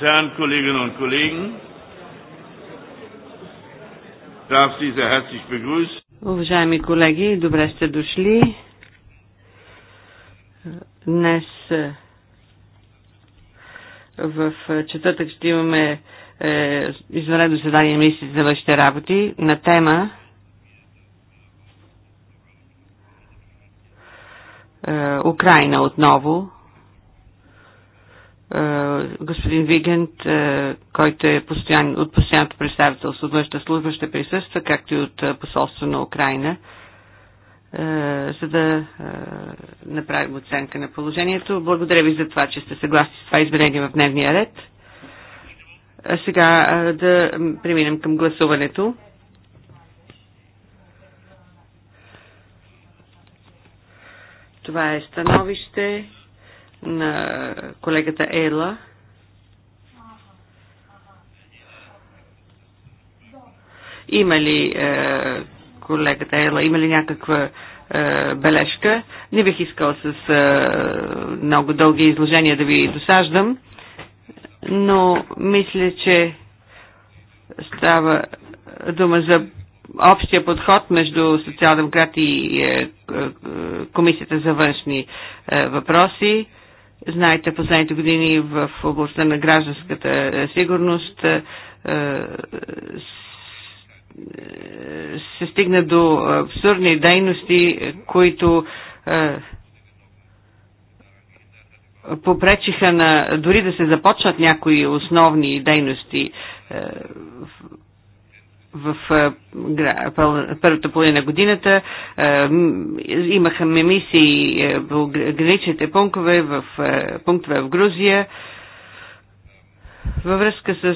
und Herren, Kolleginnen und Kollegen, darf Sie sehr herzlich begrüßen. Уважаеми колеги, добре сте дошли. Днес е, в е, четвъртък ще имаме е, извънредно заседание на мисли за вашите работи на тема е, Украина отново е, господин Вигент, е, който е постоян, от постоянното представителство от външна служба, ще присъства, както и от е, посолство на Украина, за да направим оценка на положението. Благодаря ви за това, че сте съгласни с това изменение в дневния ред. А сега да преминем към гласуването. Това е становище на колегата Ела. Има ли е, колегата Ела, има ли някаква е, бележка? Не бих искал с е, много дълги изложения да ви досаждам, но мисля, че става дума за общия подход между социал-демократи и е, е, Комисията за външни е, въпроси. Знаете, последните години в областта на гражданската е, сигурност е, е, се стигна до абсурдни дейности, които попречиха на дори да се започнат някои основни дейности в първата половина на годината. Имахме мисии в е, граничните пунктове в, пунктове в Грузия във връзка с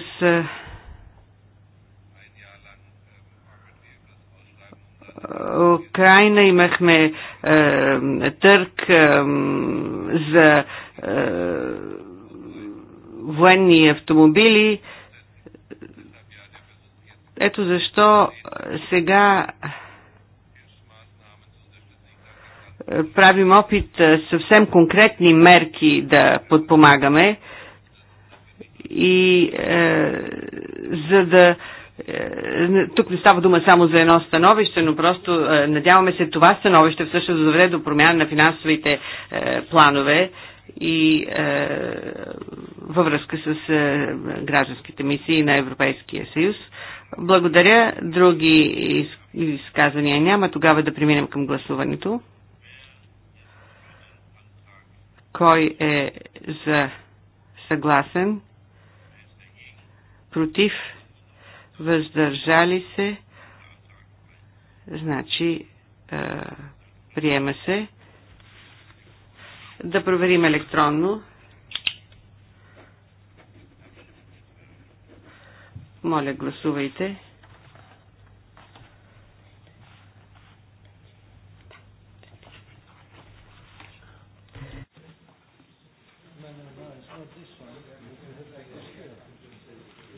Украина имахме е, търк е, за е, военни автомобили. Е, ето защо е, сега е, правим опит е, съвсем конкретни мерки да подпомагаме и е, за да е, тук не става дума само за едно становище, но просто е, надяваме се това становище всъщност да доведе до промяна на финансовите е, планове и е, във връзка с е, гражданските мисии на Европейския съюз. Е, благодаря. Други изказвания няма. Тогава да преминем към гласуването. Кой е за съгласен? Против? Въздържали се? Значи, е, приема се. Да проверим електронно. Моля, гласувайте.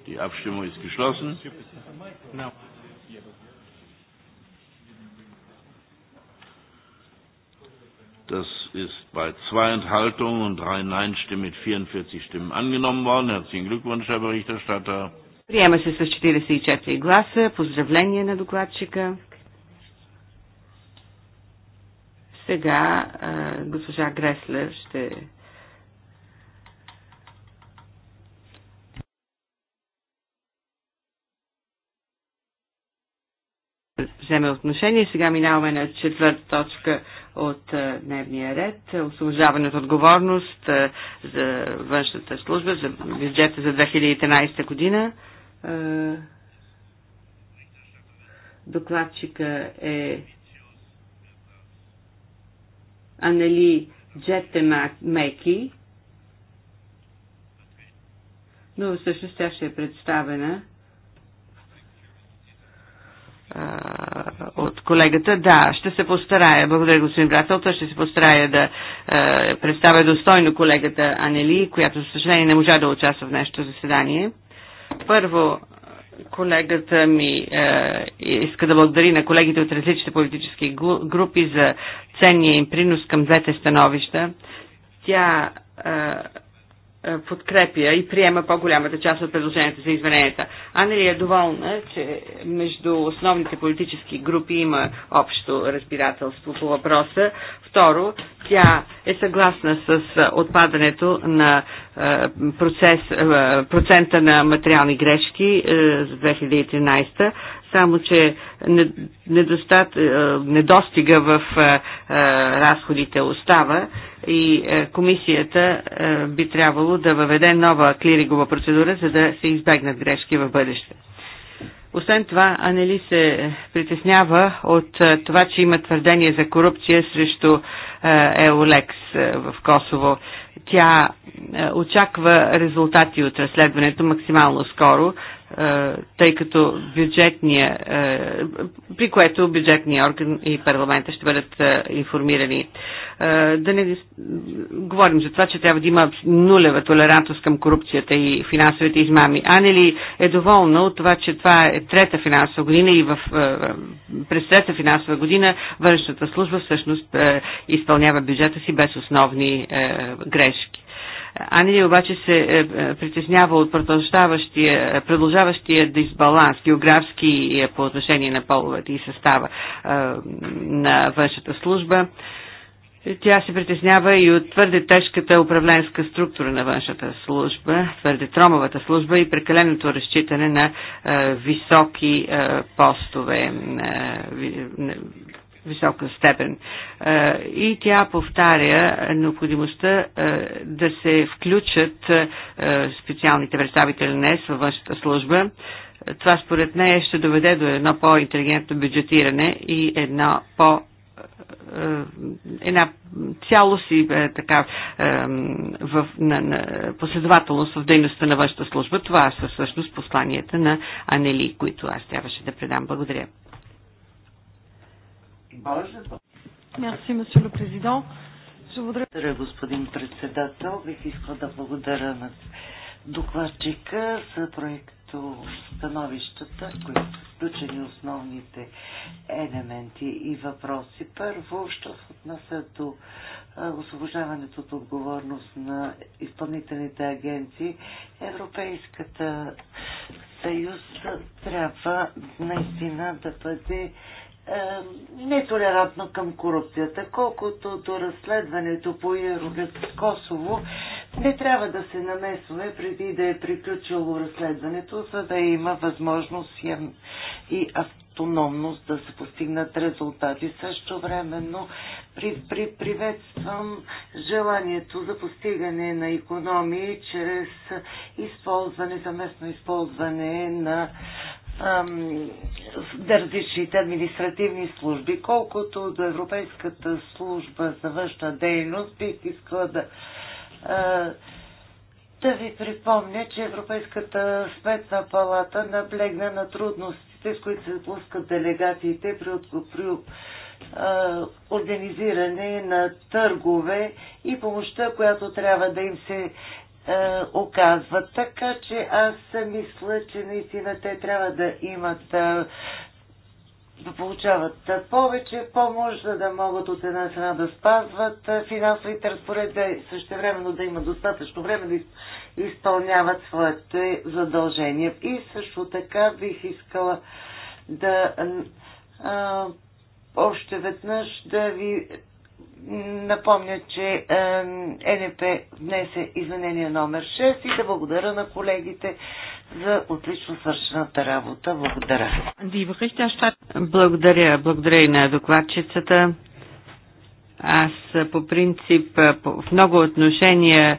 Die Abstimmung ist geschlossen. Das ist bei zwei Enthaltungen und drei Nein-Stimmen mit 44 Stimmen angenommen worden. Herzlichen Glückwunsch, Herr Berichterstatter. Приема се с 44 гласа. Поздравление на докладчика. Сега а, госпожа Греслер ще. вземе отношение. Сега минаваме на четвърта точка от а, дневния ред. Освобождаване от отговорност а, за външната служба, за бюджета за 2013 година. Е, докладчика е Анели Джетте Меки, но всъщност тя ще е представена от колегата. Да, ще се постарая. Благодаря, господин Брател. Той ще се постарая да е, представя достойно колегата Анели, която, за съжаление, не можа да участва в нашето заседание. Първо, колегата ми е, иска да благодари на колегите от различните политически групи за ценния им принос към двете становища. Тя е, е, подкрепя и приема по-голямата част от предложенията за измененията. Анели е доволна, че между основните политически групи има общо разбирателство по въпроса. Второ, тя е съгласна с отпадането на е, процес, е, процента на материални грешки за 2013, само че недостига в разходите остава и е, комисията е, би трябвало да въведе нова клиригова процедура, за да се избегнат грешки в бъдеще. Освен това, Анели се притеснява от е, това, че има твърдение за корупция срещу Еолекс в Косово. Тя очаква резултати от разследването максимално скоро, тъй като бюджетния, при което бюджетния орган и парламента ще бъдат информирани. Да не говорим за това, че трябва да има нулева толерантност към корупцията и финансовите измами. Анели е доволна от това, че това е трета финансова година и в, през трета финансова година външната служба всъщност изпълнява бюджета си без основни грешки. Ани обаче се е, е, притеснява от продължаващия, е, продължаващия дисбаланс географски по отношение на половете и състава на външната служба. Тя се притеснява и от твърде тежката управленска структура на външната служба, твърде тромовата служба и прекаленото разчитане на е, високи е, постове, е, висока степен. Е, и тя повтаря е, необходимостта е, да се включат специалните представители на ЕС във вашата служба. Това според нея ще доведе до едно по-интелигентно бюджетиране и едно по- една цялост и така в, на, на, последователност в дейността на вашата служба. Това са всъщност посланията на Анели, които аз трябваше да предам. Благодаря. Мерси, Благодаря, господин председател. Бих искал да благодаря на докладчика за проекто становищата, които са включени основните елементи и въпроси. Първо, що се отнася до освобождаването от отговорност на изпълнителните агенции, Европейската съюз трябва наистина да бъде е, нетолерантно към корупцията. Колкото до разследването по в Косово, не трябва да се намесваме преди да е приключило разследването, за да има възможност и автономност да се постигнат резултати. Също времено при, при, приветствам желанието за постигане на економии чрез използване, съместно използване на различните административни служби. Колкото до Европейската служба за външна дейност, бих искала да, а, да ви припомня, че Европейската сметна палата наблегна на трудностите, с които се спускат делегациите при, при организиране на търгове и помощта, която трябва да им се е, оказват. Така че аз мисля, че наистина те трябва да имат е, да получават повече помощ, за да могат от една страна да спазват е, финансовите разпоредби, времено да имат достатъчно време да изпълняват своите задължения. И също така бих искала да а, още веднъж да ви напомня, че НП внесе изменение номер 6 и да благодаря на колегите за отлично свършената работа. Благодаря. Благодаря. Благодаря и на докладчицата. Аз е, по принцип е, в много отношения е,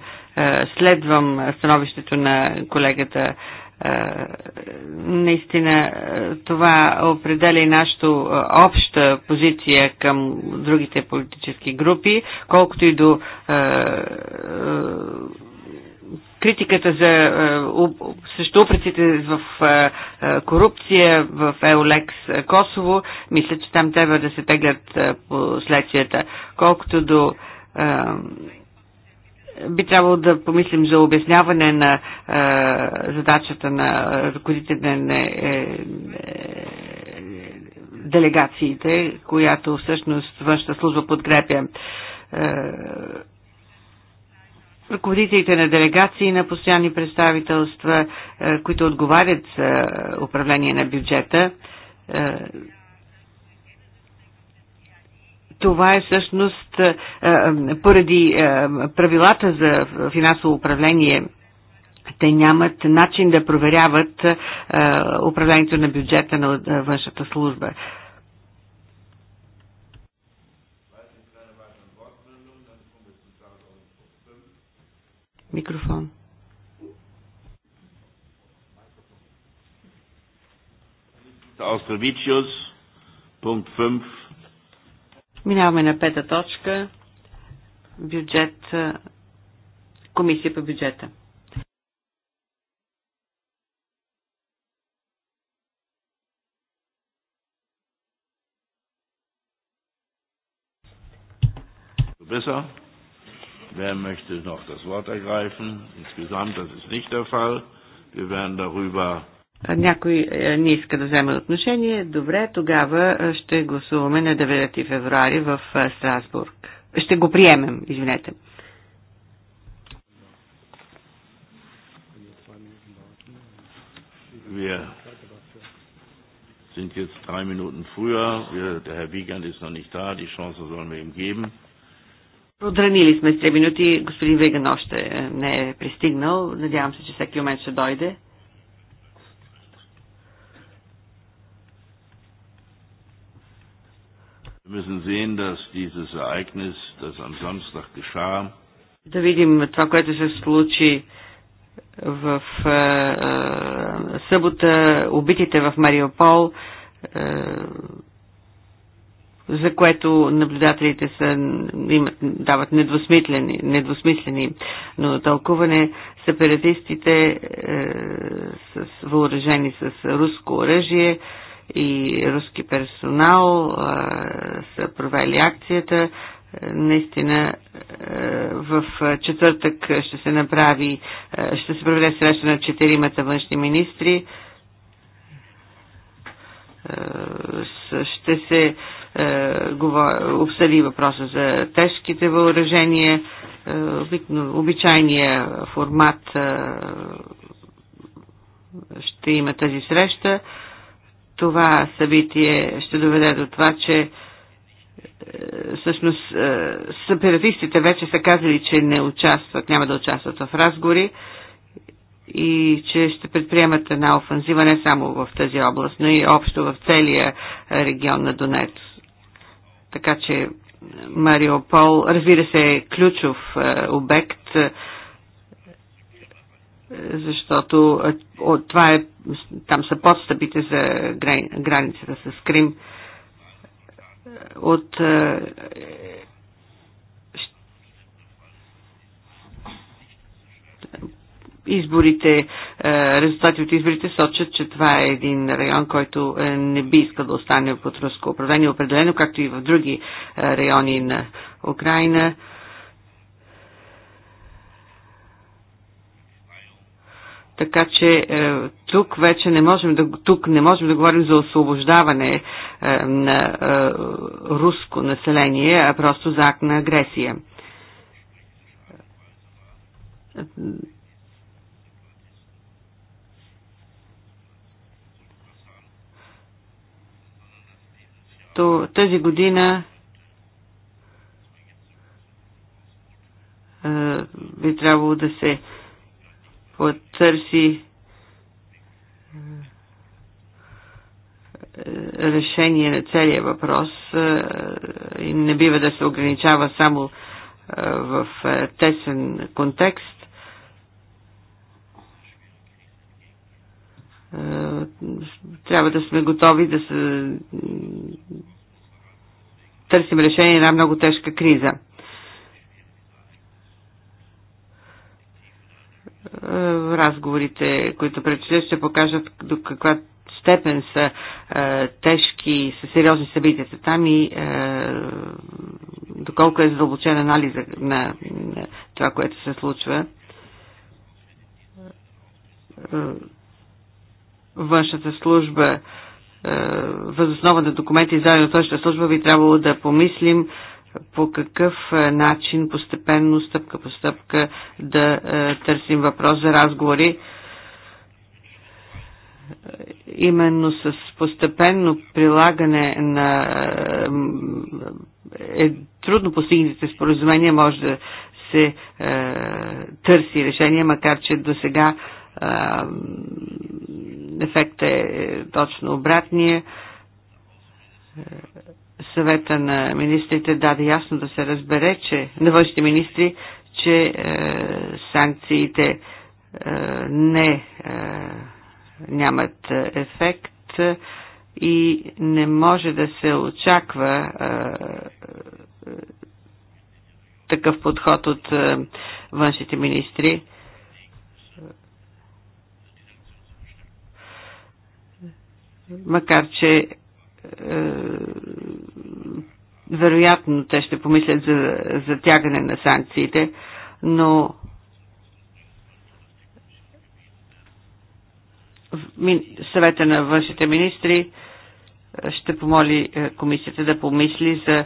следвам становището на колегата е, наистина е, това определя и нашата е, обща позиция към другите политически групи, колкото и до критиката за, също упреците в корупция в Еолекс Косово, мисля, че там трябва да се теглят последствията. Колкото до би трябвало да помислим за обясняване на е, задачата на ръководителите на е, е, делегациите, която всъщност външна служба подкрепя. Е, ръководителите на делегации на постоянни представителства, е, които отговарят за управление на бюджета, е, това е всъщност е, е, поради е, правилата за финансово управление те нямат начин да проверяват управлението на бюджета на външната служба. Микрофон. Austrovicius, Punkt 5. Минаваме на пета точка. Бюджет. Комисия по бюджета. besser. Wer möchte noch das Wort ergreifen? Insgesamt, das ist nicht der Fall. Wir werden darüber някой е, не иска да вземе отношение. Добре, тогава е, ще гласуваме на 9 февруари в е, Страсбург. Ще го приемем, извинете. Wir sind jetzt drei Minuten früher. Wir, der Herr Wiegand ist noch nicht da. Die Chance sollen wir ihm geben. Продранили сме с 3 минути. Господин Веган още не е пристигнал. Надявам се, че всеки момент ще дойде. Wir müssen sehen, dass dieses Ereignis, das am Samstag geschah, да видим това, което се случи в е, е, събота, убитите в Мариопол, е, за което наблюдателите са, имат, дават недвусмислени, недвусмислени но тълкуване. Сепаратистите е, с, въоръжени с руско оръжие е, и руски персонал са провели акцията. Наистина в четвъртък ще се направи, ще се проведе среща на четиримата външни министри. Ще се обсъди въпроса за тежките въоръжения, обичайния формат ще има тази среща това събитие ще доведе до това, че е, всъщност е, сепаратистите вече са казали, че не участват, няма да участват в разговори и че ще предприемат една офанзива не само в тази област, но и общо в целия регион на Донец. Така че Мариопол, разбира се, е ключов е, обект защото от това е, там са подстъпите за границата с Крим. От изборите, резултати от изборите сочат, че това е един район, който не би искал да остане под руско управление, определено както и в други райони на Украина. Така че е, тук вече не можем да, тук не можем да говорим за освобождаване е, на е, руско население, а просто за акт на агресия. То, тази година е, би трябвало да се оттърси е, решение на целия въпрос е, и не бива да се ограничава само е, в тесен контекст. Трябва да сме готови да се търсим решение на много тежка криза. разговорите, които предстоят, ще покажат до каква степен са е, тежки, са сериозни събитията там и е, доколко е задълбочен анализ на, на това, което се случва. Е, външната служба, е, възоснова на документи, заедно точната служба, би трябвало да помислим по какъв е, начин постепенно, стъпка по стъпка да е, търсим въпрос за разговори именно с постепенно прилагане на е, е, трудно постигнатите споразумения може да се е, търси решение, макар че до сега е, ефектът е точно обратния съвета на министрите даде ясно да се разбере, че на външните министри, че е, санкциите е, не е, нямат ефект и не може да се очаква е, е, такъв подход от е, външните министри. Макар, че е, вероятно те ще помислят за затягане на санкциите, но съвета на външните министри е, ще помоли е, комисията да помисли за е,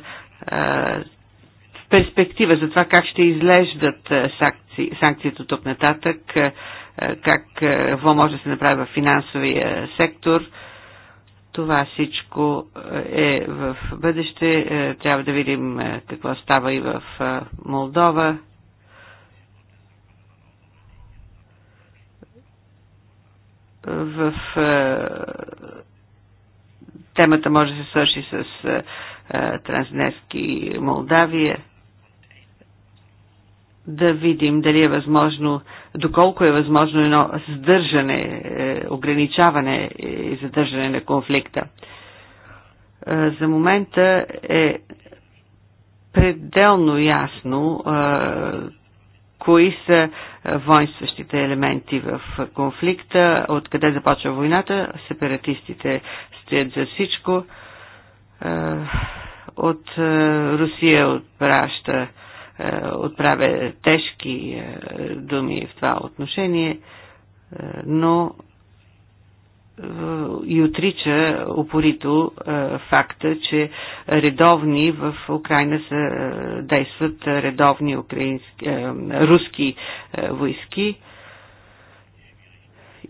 перспектива за това как ще изглеждат санкции, санкциите тук нататък, как, какво може да се направи в финансовия сектор – това всичко е в бъдеще. Е, трябва да видим е, какво става и в е, Молдова. В темата може да се свърши с Транснески Молдавия да видим дали е възможно, доколко е възможно едно сдържане, е, ограничаване и задържане на конфликта. Е, за момента е пределно ясно е, кои са воинстващите елементи в конфликта, откъде започва войната, сепаратистите стоят за всичко, от Русия отпраща е, отправя тежки е, думи в това отношение, е, но и отрича опорито факта, че редовни в Украина са, действат редовни украински, руски войски.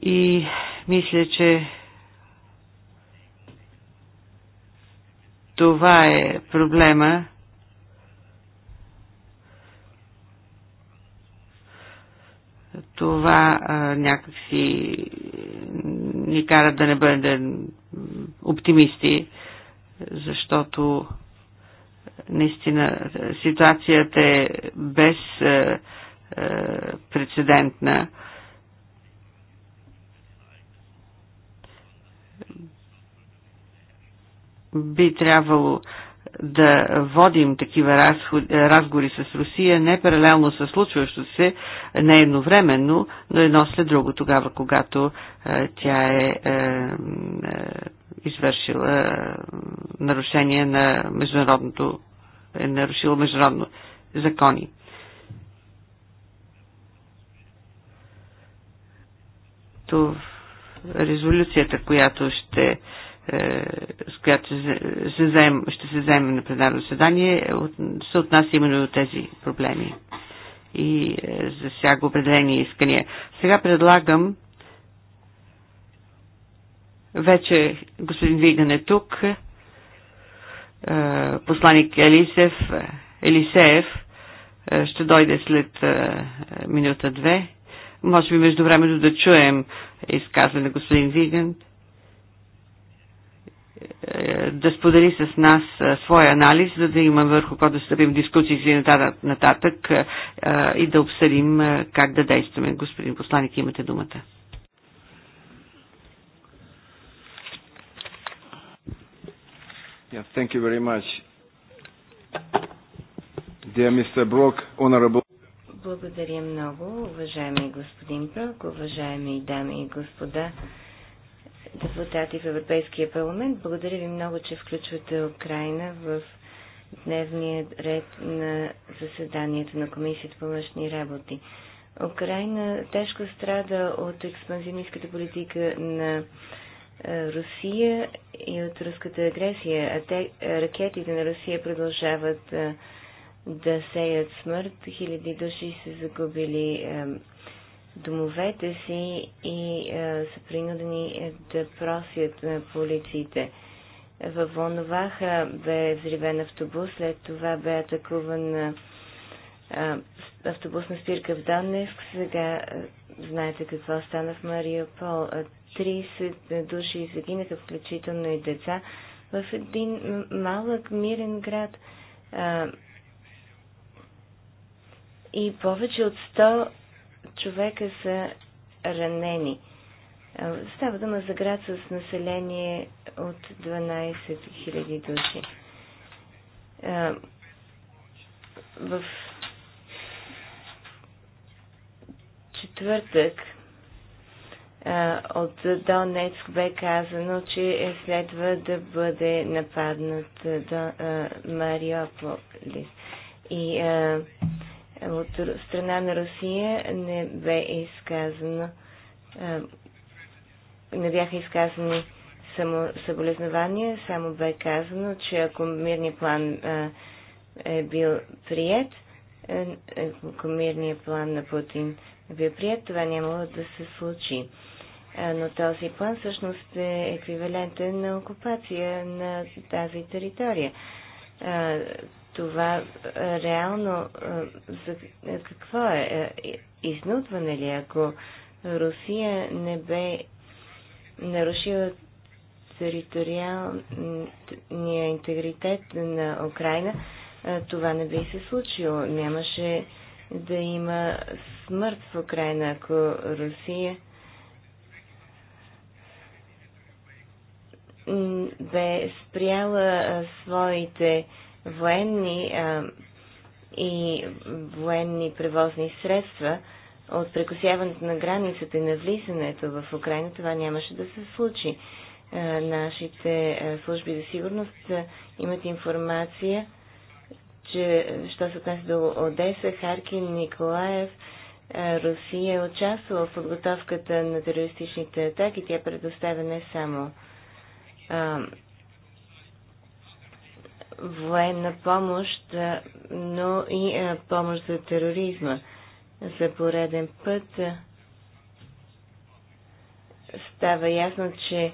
И мисля, че това е проблема, това а, някакси ни кара да не бъдем оптимисти, защото наистина ситуацията е без а, а, прецедентна. Би трябвало а, да водим такива разход, разговори с Русия не паралелно с случващо се, не едновременно, но едно след друго, тогава когато е, тя е, е, е извършила е, нарушение на международното, е нарушила международно закони. То резолюцията, която ще е, с която се заем, ще се заеме на пленарно заседание, е се отнася именно до тези проблеми и е, за всяко определени искания. Сега предлагам вече господин Виган е тук, посланик Елисев, Елисеев ще дойде след минута-две. Може би между времето да чуем изказване на господин Виган да сподели с нас своя анализ, за да има върху какво да стъпим дискусии и нататък, нататък и да обсъдим как да действаме. Господин посланик, имате думата. Yeah, thank you very much. Dear Mr. Brock, honorable... Благодаря много, уважаеми господин Брок, уважаеми дами и господа депутати в Европейския парламент. Благодаря ви много, че включвате Украина в дневния ред на заседанието на Комисията по външни работи. Украина тежко страда от експанзионистката политика на е, Русия и от руската агресия. А те, е, ракетите на Русия продължават е, да сеят смърт. Хиляди души са загубили домовете си и а, е, са принудени е, да просят на е, полициите. В Волноваха бе взривен автобус, след това бе атакуван а, автобусна спирка в Донецк. Сега а, знаете какво стана в Мариопол. 30 души загинаха, включително и деца, в един малък мирен град. А, и повече от 100 човека са ранени. Става дума за град с население от 12 000 души. В четвъртък от Донецк бе казано, че е следва да бъде нападнат до Мариополис. И от страна на Русия не бе изказано, не бяха изказани само съболезнования, само бе казано, че ако мирният план е бил прият, е, е, ако мирният план на Путин е бил прият, това нямало да се случи. Но този план всъщност е еквивалентен на окупация на тази територия това е, реално е, за какво е? е? Изнудване ли? Ако Русия не бе нарушила териториалния интегритет на Украина, това не би се случило. Нямаше да има смърт в Украина, ако Русия бе спряла своите военни а, и военни превозни средства от прекосяването на границата и на влизането в Украина, това нямаше да се случи. А, нашите а, служби за сигурност а, имат информация, че що се отнася до Одеса, Харкин, Николаев, Русия е участвала в подготовката на терористичните атаки. Тя предоставя не само военна помощ, но и помощ за тероризма. За пореден път става ясно, че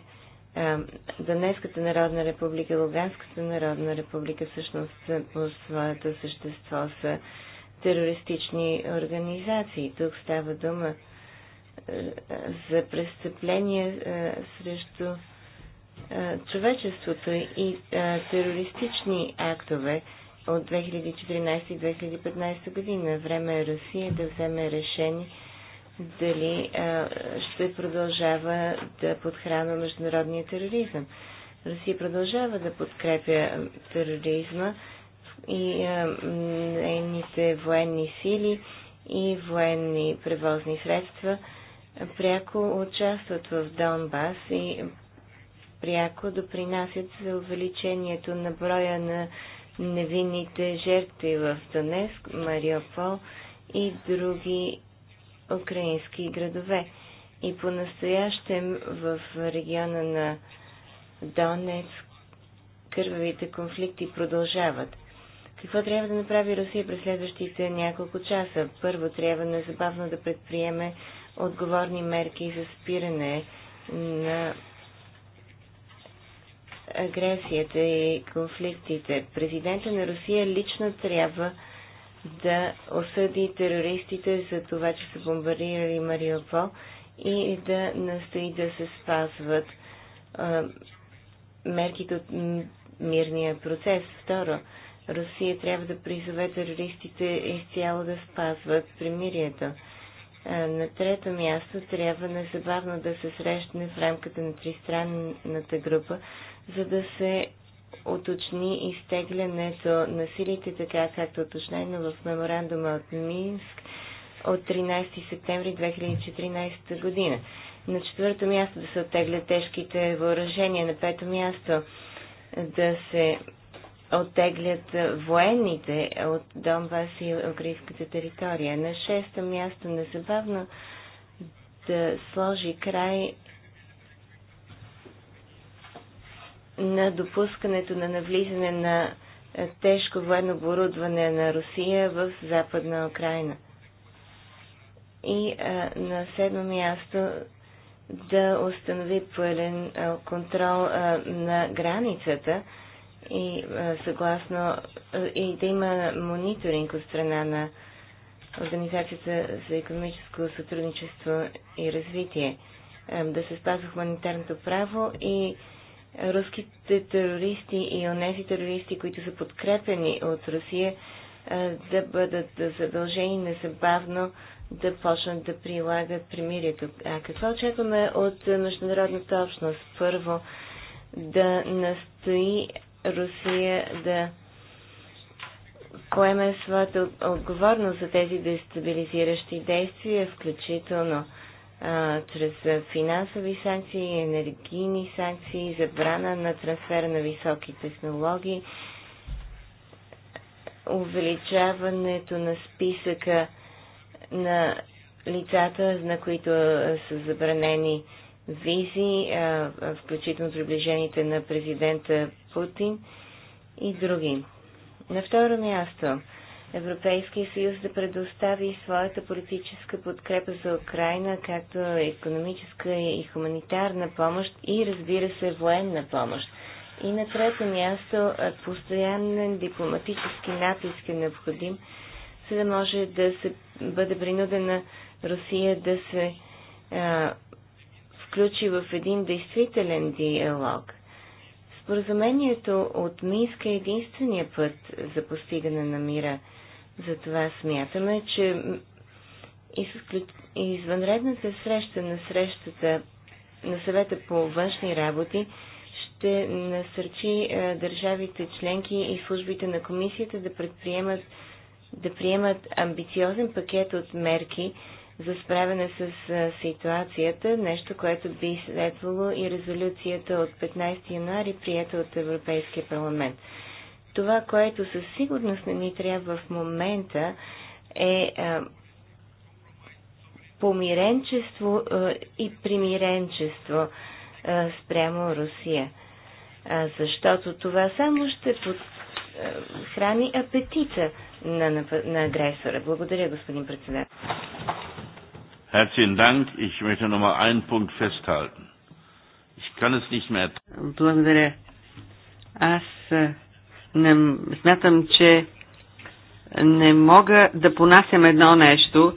Донецката народна република, Луганската народна република всъщност по своето същество са терористични организации. Тук става дума за престъпления срещу е, човечеството и е, терористични актове от 2014 и 2015 година. Време е Русия да вземе решение дали е, ще продължава да подхрана международния тероризъм. Русия продължава да подкрепя тероризма и нейните военни сили и военни превозни средства пряко участват в Донбас и пряко допринасят за увеличението на броя на невинните жертви в Донецк, Мариопол и други украински градове. И по-настоящем в региона на Донецк кървавите конфликти продължават. Какво трябва да направи Русия през следващите няколко часа? Първо, трябва незабавно да предприеме отговорни мерки за спиране на агресията и конфликтите. Президента на Русия лично трябва да осъди терористите за това, че са бомбардирали Мариупол и да настои да се спазват а, мерките от мирния процес. Второ, Русия трябва да призове терористите изцяло да спазват примирието. На трето място трябва незабавно да се срещне в рамката на тристранната група за да се уточни изтеглянето на силите, така както уточнено в меморандума от Минск от 13 септември 2014 година. На четвърто място да се оттеглят тежките въоръжения. На пето място да се оттеглят военните от Донбас и украинската територия. На шесто място незабавно да сложи край на допускането на навлизане на е, тежко военно оборудване на Русия в Западна Украина. И а, е, на седмо място да установи пълен а, е, контрол а, на границата и а, съгласно а, и да има мониторинг от страна на Организацията за економическо сътрудничество и развитие, а, да се спазва хуманитарното право и а, руските терористи и онези терористи, които са подкрепени от Русия, да бъдат задължени незабавно да почнат да прилагат примирието. А какво очакваме от международната общност? Първо, да настои Русия да поеме своята отговорност за тези дестабилизиращи действия, включително а, чрез финансови санкции, енергийни санкции, забрана на трансфера на високи технологии, увеличаването на списъка на лицата, на които са забранени визи, включително приближените на президента Путин и други. На второ място, Европейския съюз да предостави своята политическа подкрепа за Украина, както економическа и хуманитарна помощ и разбира се военна помощ. И на трето място постоянен дипломатически натиск е необходим, за да може да се бъде принудена Русия да се а, включи в един действителен диалог. Споразумението от Минска е единствения път за постигане на мира – затова смятаме, че извънредната среща на срещата на съвета по външни работи ще насърчи е, държавите членки и службите на комисията да предприемат да приемат амбициозен пакет от мерки за справяне с е, ситуацията, нещо, което би следвало и резолюцията от 15 януари, прията от Европейския парламент. Това, което със сигурност не ни трябва в момента е помиренчество и примиренчество спрямо Русия. Защото това само ще храни апетита на, на, на агресора. Благодаря, господин председател. Herzlichen Dank. Ich möchte noch mal einen Punkt festhalten. Ich kann es nicht mehr. Благодаря. Аз не, смятам, че не мога да понасям едно нещо.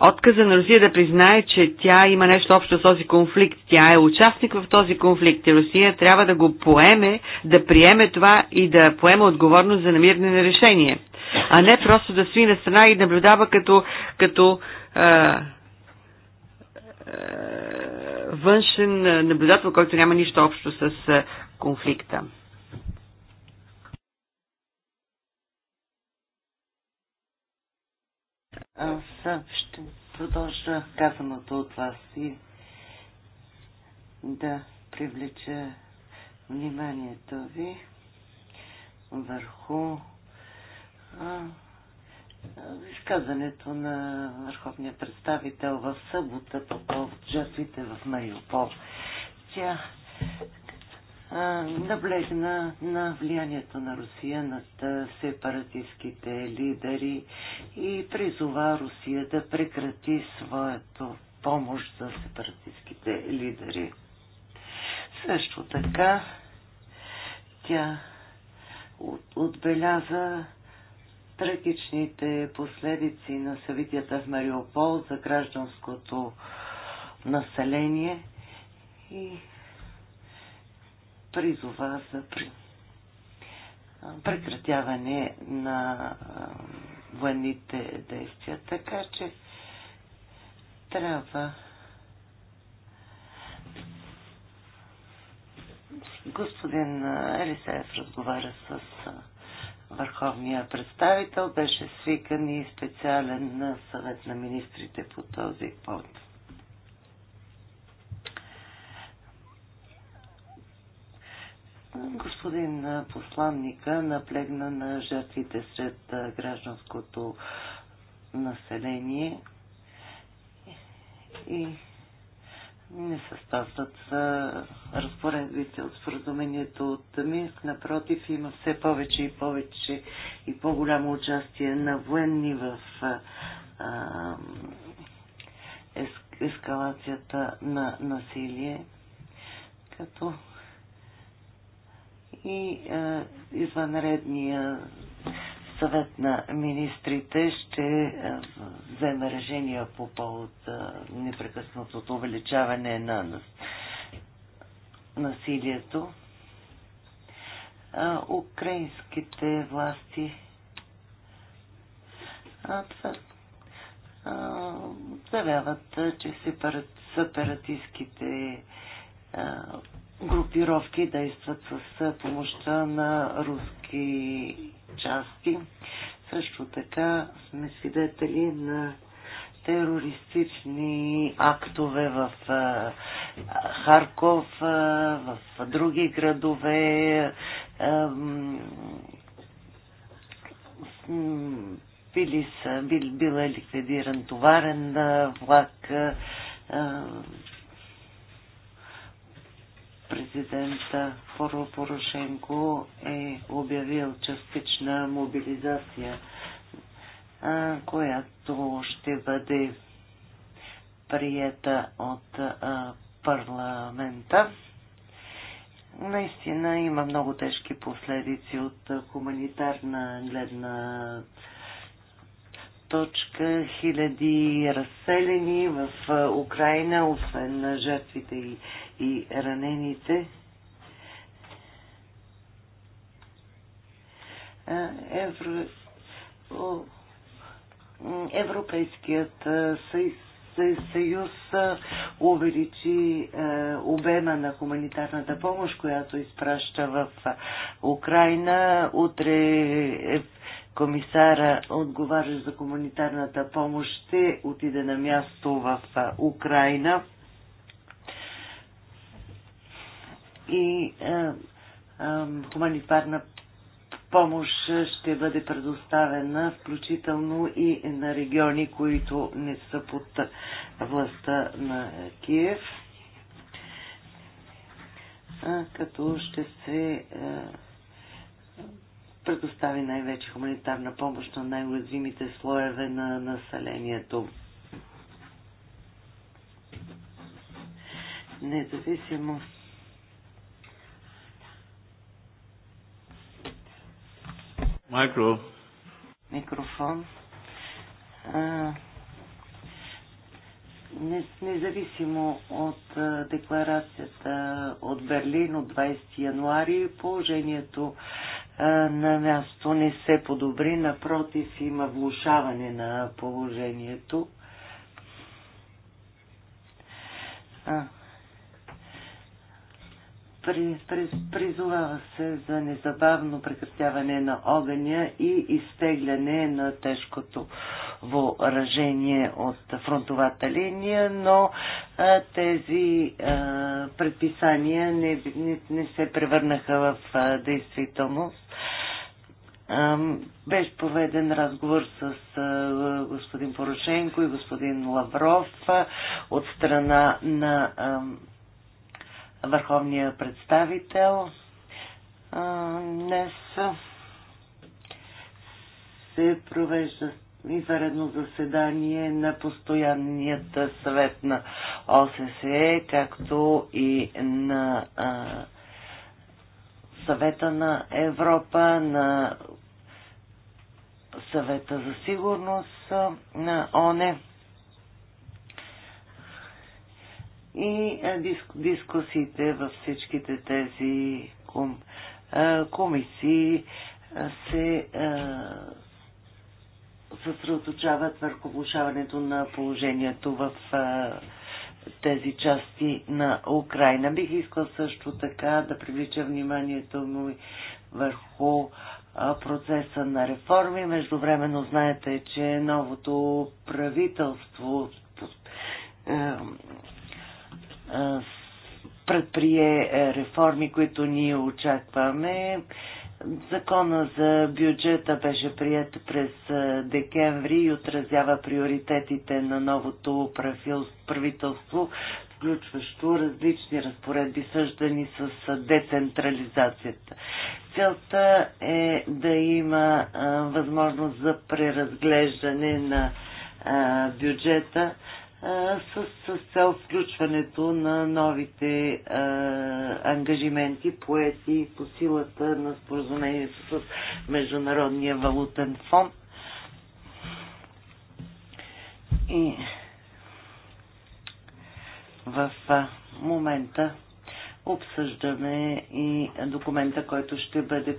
Отказа на Русия да признае, че тя има нещо общо с този конфликт. Тя е участник в този конфликт и Русия трябва да го поеме, да приеме това и да поеме отговорност за намиране на решение. А не просто да сви на страна и наблюдава като, като а, външен наблюдател, който няма нищо общо с конфликта. Аз ще продължа казаното от вас и да привлеча вниманието ви върху а, изказането на върховния представител в събота по повод жертвите в Мариупол. Тя наблегна на влиянието на Русия над сепаратистските лидери и призова Русия да прекрати своето помощ за сепаратистските лидери. Също така тя отбеляза трагичните последици на събитията в Мариопол за гражданското население и призова за прекратяване на военните действия. Така че трябва господин Елисеев разговаря с върховния представител. Беше свикан и специален съвет на министрите по този повод. господин посланника наплегна на жертвите сред гражданското население и не се спазват разпоредбите от споразумението от Минск. Напротив, има все повече и повече и по-голямо участие на военни в а, ескалацията на насилие, като и а, е, извънредния съвет на министрите ще е, вземе решения по повод е, непрекъснатото увеличаване на насилието. Украинските власти заявяват, че сепаратистските групировки действат с помощта на руски части. Също така сме свидетели на терористични актове в Харков, в други градове, били са, бил, бил е ликвидиран товарен влак, президента Порошенко е обявил частична мобилизация, която ще бъде приета от парламента. Наистина има много тежки последици от хуманитарна гледна точка хиляди разселени в Украина, освен на жертвите и, и ранените. Евро... Европейският съюз съюз увеличи обема на хуманитарната помощ, която изпраща в Украина. Утре е комисара, отговаря за хуманитарната помощ, ще отиде на място в Украина. И а, а, хуманитарна помощ ще бъде предоставена, включително и на региони, които не са под властта на Киев, като ще се предостави най-вече хуманитарна помощ на най-уязвимите слоеве на населението. Независимо Майкро. Микрофон. А, независимо от декларацията от Берлин от 20 януари, положението на място не се подобри, напротив има влушаване на положението. А. При, при, призовава се за незабавно прекратяване на огъня и изтегляне на тежкото въоръжение от фронтовата линия, но а, тези а, предписания не, не, не се превърнаха в а, действителност. Беше проведен разговор с господин Порошенко и господин Лавров от страна на върховния представител. Днес се провежда извънредно заседание на постоянният съвет на ОССЕ, както и на а, съвета на Европа, на съвета за сигурност на ОНЕ. И дискусиите във всичките тези ком, комисии се съсредоточават върху влушаването на положението в тези части на Украина. Бих искал също така да привлича вниманието му върху процеса на реформи. Междувременно знаете, че новото правителство предприе реформи, които ние очакваме. Закона за бюджета беше прият през декември и отразява приоритетите на новото правителство, включващо различни разпоредби, съждани с децентрализацията. Целта е да има възможност за преразглеждане на бюджета с, с цел включването на новите а, ангажименти, поети по силата на споразумението с Международния валутен фонд. И в а, момента обсъждаме и документа, който ще бъде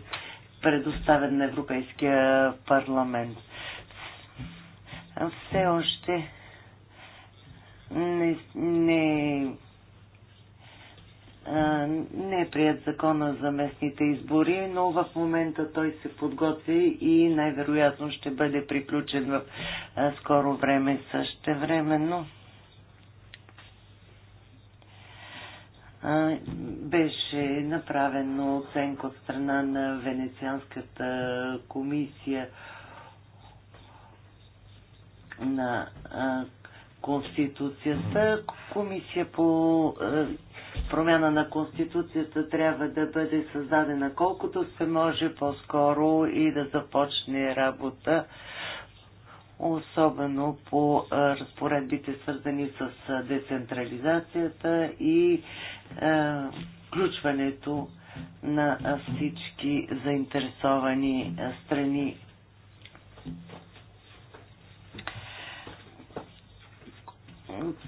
предоставен на Европейския парламент. Все още не, не, а, не е прият закона за местните избори, но в момента той се подготви и най-вероятно ще бъде приключен в а, скоро време същевременно. беше направено оценка от страна на Венецианската комисия на Конституцията. Комисия по е, промяна на Конституцията трябва да бъде създадена колкото се може по-скоро и да започне работа, особено по е, разпоредбите свързани с е, децентрализацията и включването на всички заинтересовани страни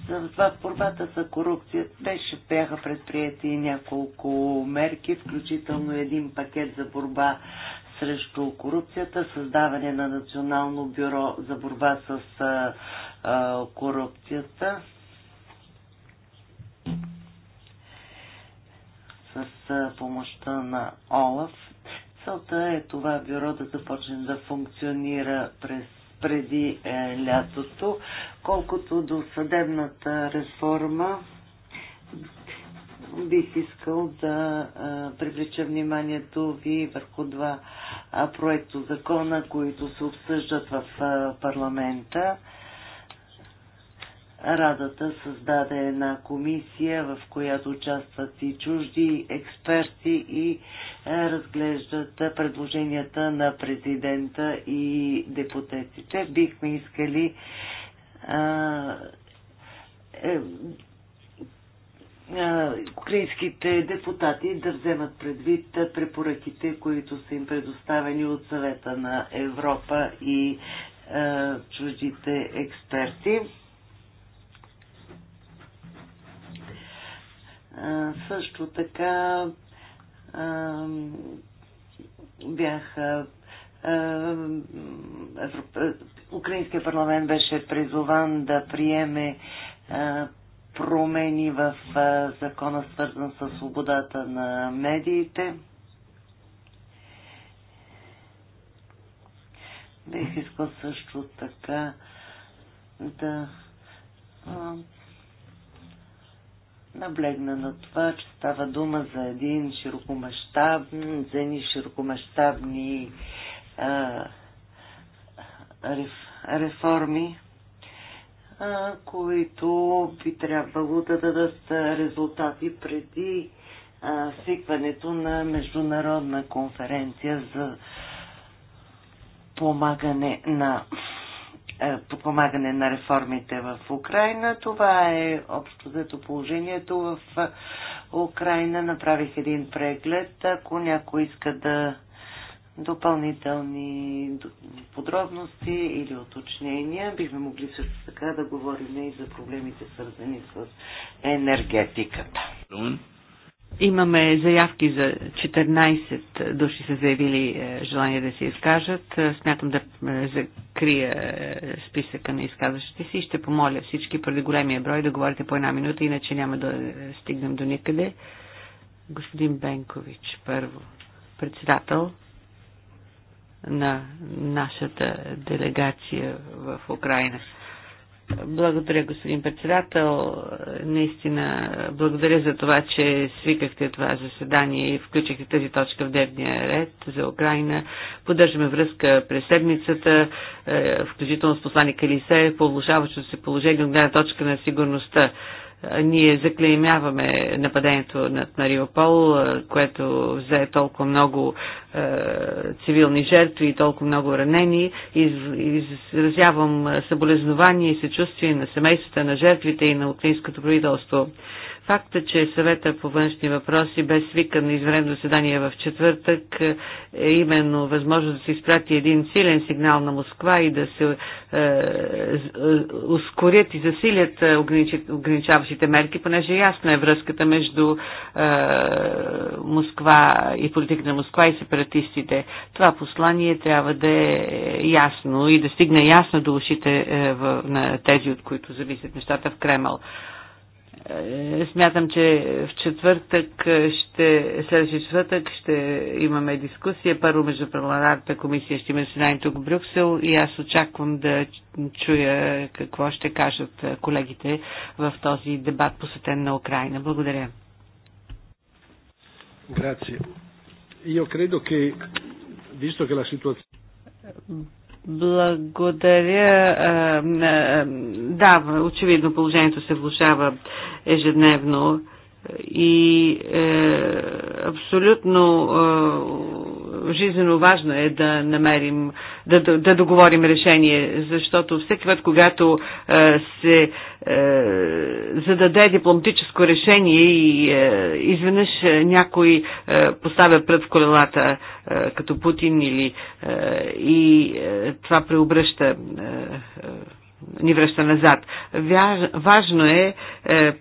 в борбата за корупция беше, бяха предприяти няколко мерки, включително един пакет за борба срещу корупцията, създаване на Национално бюро за борба с а, а, корупцията, с а, помощта на ОЛАФ. Целта е това бюро да започне да функционира през преди е, лятото, колкото до съдебната реформа бих искал да а, е, привлеча вниманието ви върху два а, е, проекто закона, които се обсъждат в а, е, парламента. Радата създаде една комисия, в която участват и чужди експерти и е, разглеждат предложенията на президента и депутатите. Бихме искали а, е, а, е, е, украинските депутати да вземат предвид препоръките, които са им предоставени от съвета на Европа и а, чуждите експерти. също така бяха Украинския парламент беше призован да приеме промени в закона, свързан с свободата на медиите. Бих искал също така да наблегна на това, че става дума за един широкомащабен, за едни широкомащабни реформи, а, които би трябвало да дадат резултати преди а, свикването на международна конференция за помагане на е, подпомагане на реформите в Украина. Това е общо взето положението в е, Украина. Направих един преглед. Ако някой иска да допълнителни подробности или уточнения, бихме могли също така да говорим и за проблемите свързани с енергетиката. Имаме заявки за 14 души са заявили е, желание да се изкажат. Е, смятам да е, закрия списъка на изказващите си и ще помоля всички преди големия брой да говорите по една минута, иначе няма да стигнем до никъде. Господин Бенкович, първо, председател на нашата делегация в Украина. Благодаря, господин председател. Наистина, благодаря за това, че свикахте това заседание и включихте тази точка в дневния ред за Украина. Поддържаме връзка през седмицата, е, включително с посланика Лисе, по влушаващото се положение от гледна точка на сигурността ние заклеймяваме нападението над Мариопол, което взе толкова много е, цивилни жертви и толкова много ранени. Из, изразявам съболезнование и съчувствие на семействата на жертвите и на украинското правителство. Факта, че съвета по външни въпроси бе свикан извредно заседание в четвъртък е именно възможност да се изпрати един силен сигнал на Москва и да се е, е, ускорят и засилят е, ограничаващите мерки, понеже ясна е връзката между е, Москва и политика на Москва и сепаратистите. Това послание трябва да е ясно и да стигне ясно до ушите е, в, на тези, от които зависят нещата в Кремъл. Е, смятам, че в четвъртък ще, следващия четвъртък ще имаме дискусия. Първо между парламентарната комисия ще има заседание тук в Брюксел и аз очаквам да чуя какво ще кажат колегите в този дебат посетен на Украина. Благодаря. Grazie. Io credo che, visto che la situazione... Благодаря. Е, е, да, очевидно положението се влушава ежедневно и е, абсолютно е, жизненно важно е да намерим да, да, да договорим решение, защото всеки път, когато а, е, се а, е, зададе дипломатическо решение и а, е, изведнъж някой а, поставя пръв в колелата, а, като Путин или а, и а, това преобръща. а, ни връща назад. Важно е, е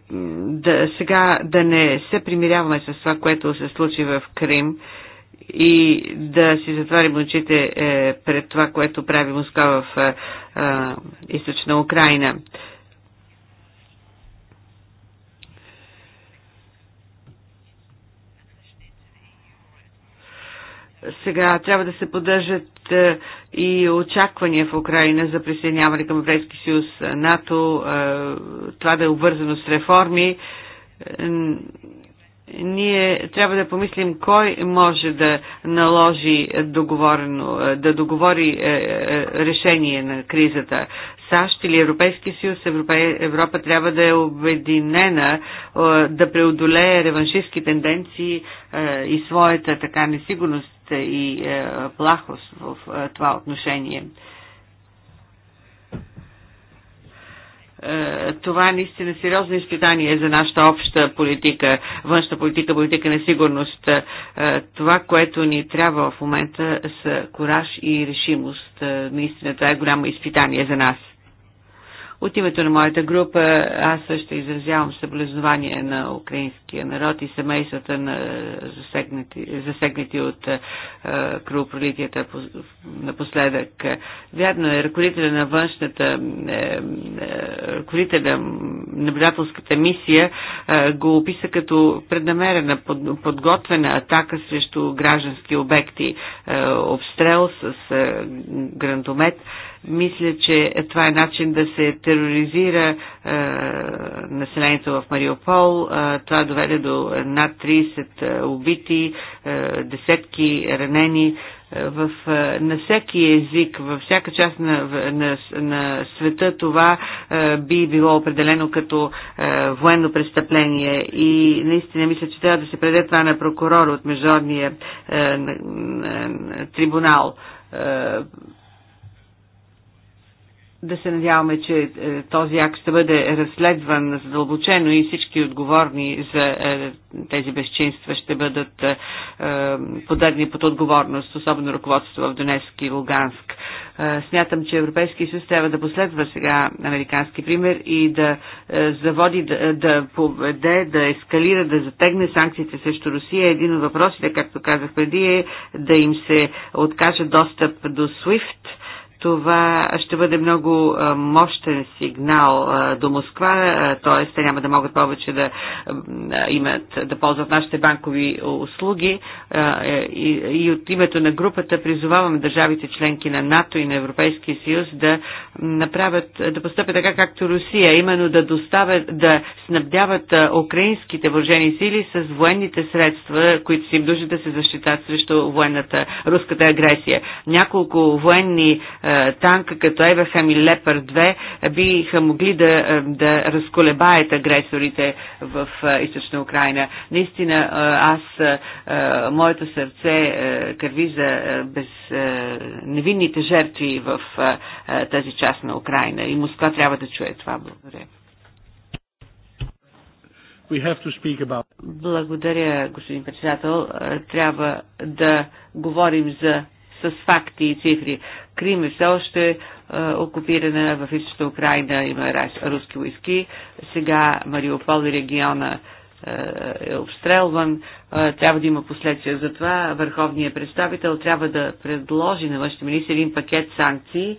да, сега да не се примиряваме с това, което се случи в Крим. Е, и да си затварим очите е, пред това, което прави Москва в е, е, източна Украина. Сега трябва да се поддържат е, и очаквания в Украина за присъединяване към Европейски съюз, е, НАТО, е, това да е обвързано с реформи. Е, ние трябва да помислим кой може да наложи договорено, да договори е, е, решение на кризата. САЩ или Европейски съюз, Европа трябва да е обединена е, да преодолее реваншистски тенденции и своята така несигурност и плахост в това отношение. Е, това е наистина сериозно изпитание за нашата обща политика, външна политика, политика на сигурност. Е, това, което ни трябва в момента са кораж и решимост. Е, наистина това е голямо изпитание за нас. От името на моята група аз също изразявам съблезнование на украинския народ и семействата на е, засегнати, засегнати от е, е кръвопролитията напоследък. Вярно е, ръководителя на външната, е, е, ръководителя на наблюдателската мисия е, го описа като преднамерена, под, подготвена атака срещу граждански обекти, е, обстрел с е, гранатомет. Е, мисля, че това е начин да се тероризира е, населението в Мариупол. Е, това доведе до над 30 е, убити, е, десетки ранени. Е, в, е, на всеки език, във всяка част на, на, на света това е, би било определено като е, военно престъпление и наистина мисля, че трябва да се преде това на прокурор от Международния е, на, на, на, трибунал. Е, да се надяваме, че е, този акт ще бъде разследван задълбочено и всички отговорни за е, тези безчинства ще бъдат е, подадени под отговорност, особено ръководството в Донецк и Луганск. Смятам, че Европейския съюз трябва да последва сега американски пример и да заводи, да, да поведе, да ескалира, да затегне санкциите срещу Русия. Един от въпросите, както казах преди, е да им се откаже достъп до SWIFT това ще бъде много мощен сигнал до Москва, т.е. те няма да могат повече да имат, да ползват нашите банкови услуги. Е, и от името на групата призовавам държавите членки на НАТО и на Европейския съюз да направят, да постъпят така както Русия, именно да доставят, да снабдяват украинските въоръжени сили с военните средства, които си им дължат да се защитат срещу военната руската агресия. Няколко военни е, танка като Ебахам и Лепър 2 биха могли да, е, да разколебаят агресорите в е, източна Украина. Наистина аз, моето сърце кърви за без невинните жертви в тази част на Украина и Москва трябва да чуе това. Благодаря. We have to speak about. Благодаря, господин председател. Трябва да говорим за с факти и цифри. Крим е все още е, окупирана, в източна Украина има руски войски, сега Мариупол и региона е, е обстрелван, е, трябва да има последствия. за това. върховният представител трябва да предложи на външния министр един пакет санкции.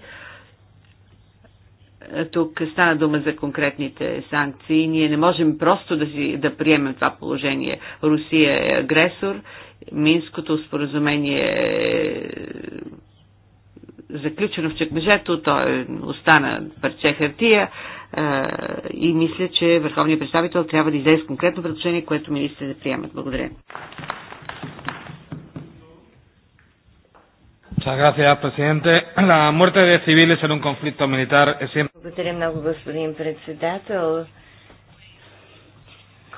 Е, тук стана дума за конкретните санкции. Ние не можем просто да, си, да приемем това положение. Русия е агресор Минското споразумение е заключено в чекмежето, той е, остана парче хартия е, и мисля, че Върховният представител трябва да излезе с конкретно предложение, което министрите да приемат. Благодаря. Благодаря много, господин председател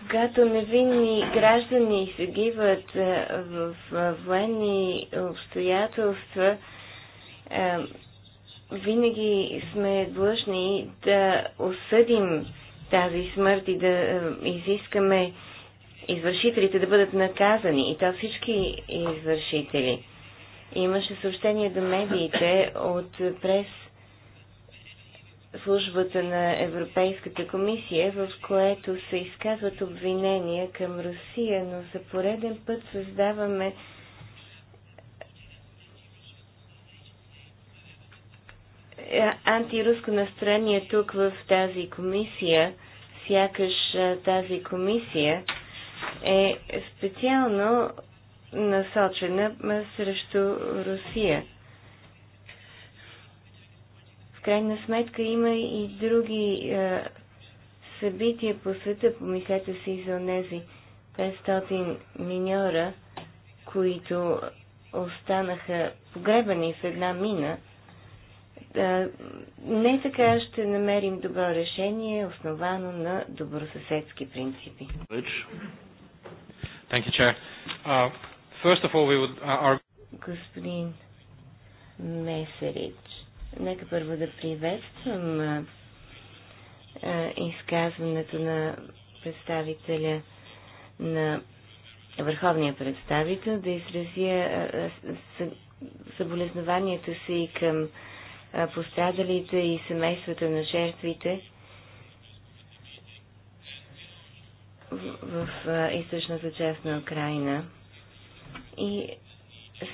когато невинни граждани се гиват е, в е, военни обстоятелства, е, винаги сме длъжни да осъдим тази смърт и да изискаме извършителите да бъдат наказани. И то всички извършители. Имаше съобщение до медиите от прес службата на Европейската комисия, в което се изказват обвинения към Русия, но за пореден път създаваме е, антируско настроение тук в тази комисия, сякаш е, тази комисия е специално насочена срещу Русия крайна сметка има и други е, събития по света. Помислете си за тези 500 миньора, които останаха погребани в една мина. Е, не така ще намерим добро решение, основано на добросъседски принципи. Thank you, Chair. Uh, first of all, we would, uh, our... Господин Месерич, Нека първо да приветствам а, а, изказването на представителя на върховния представител, да изразя съболезнованията си и към пострадалите и семействата на жертвите в, в, в източната част на Украина. И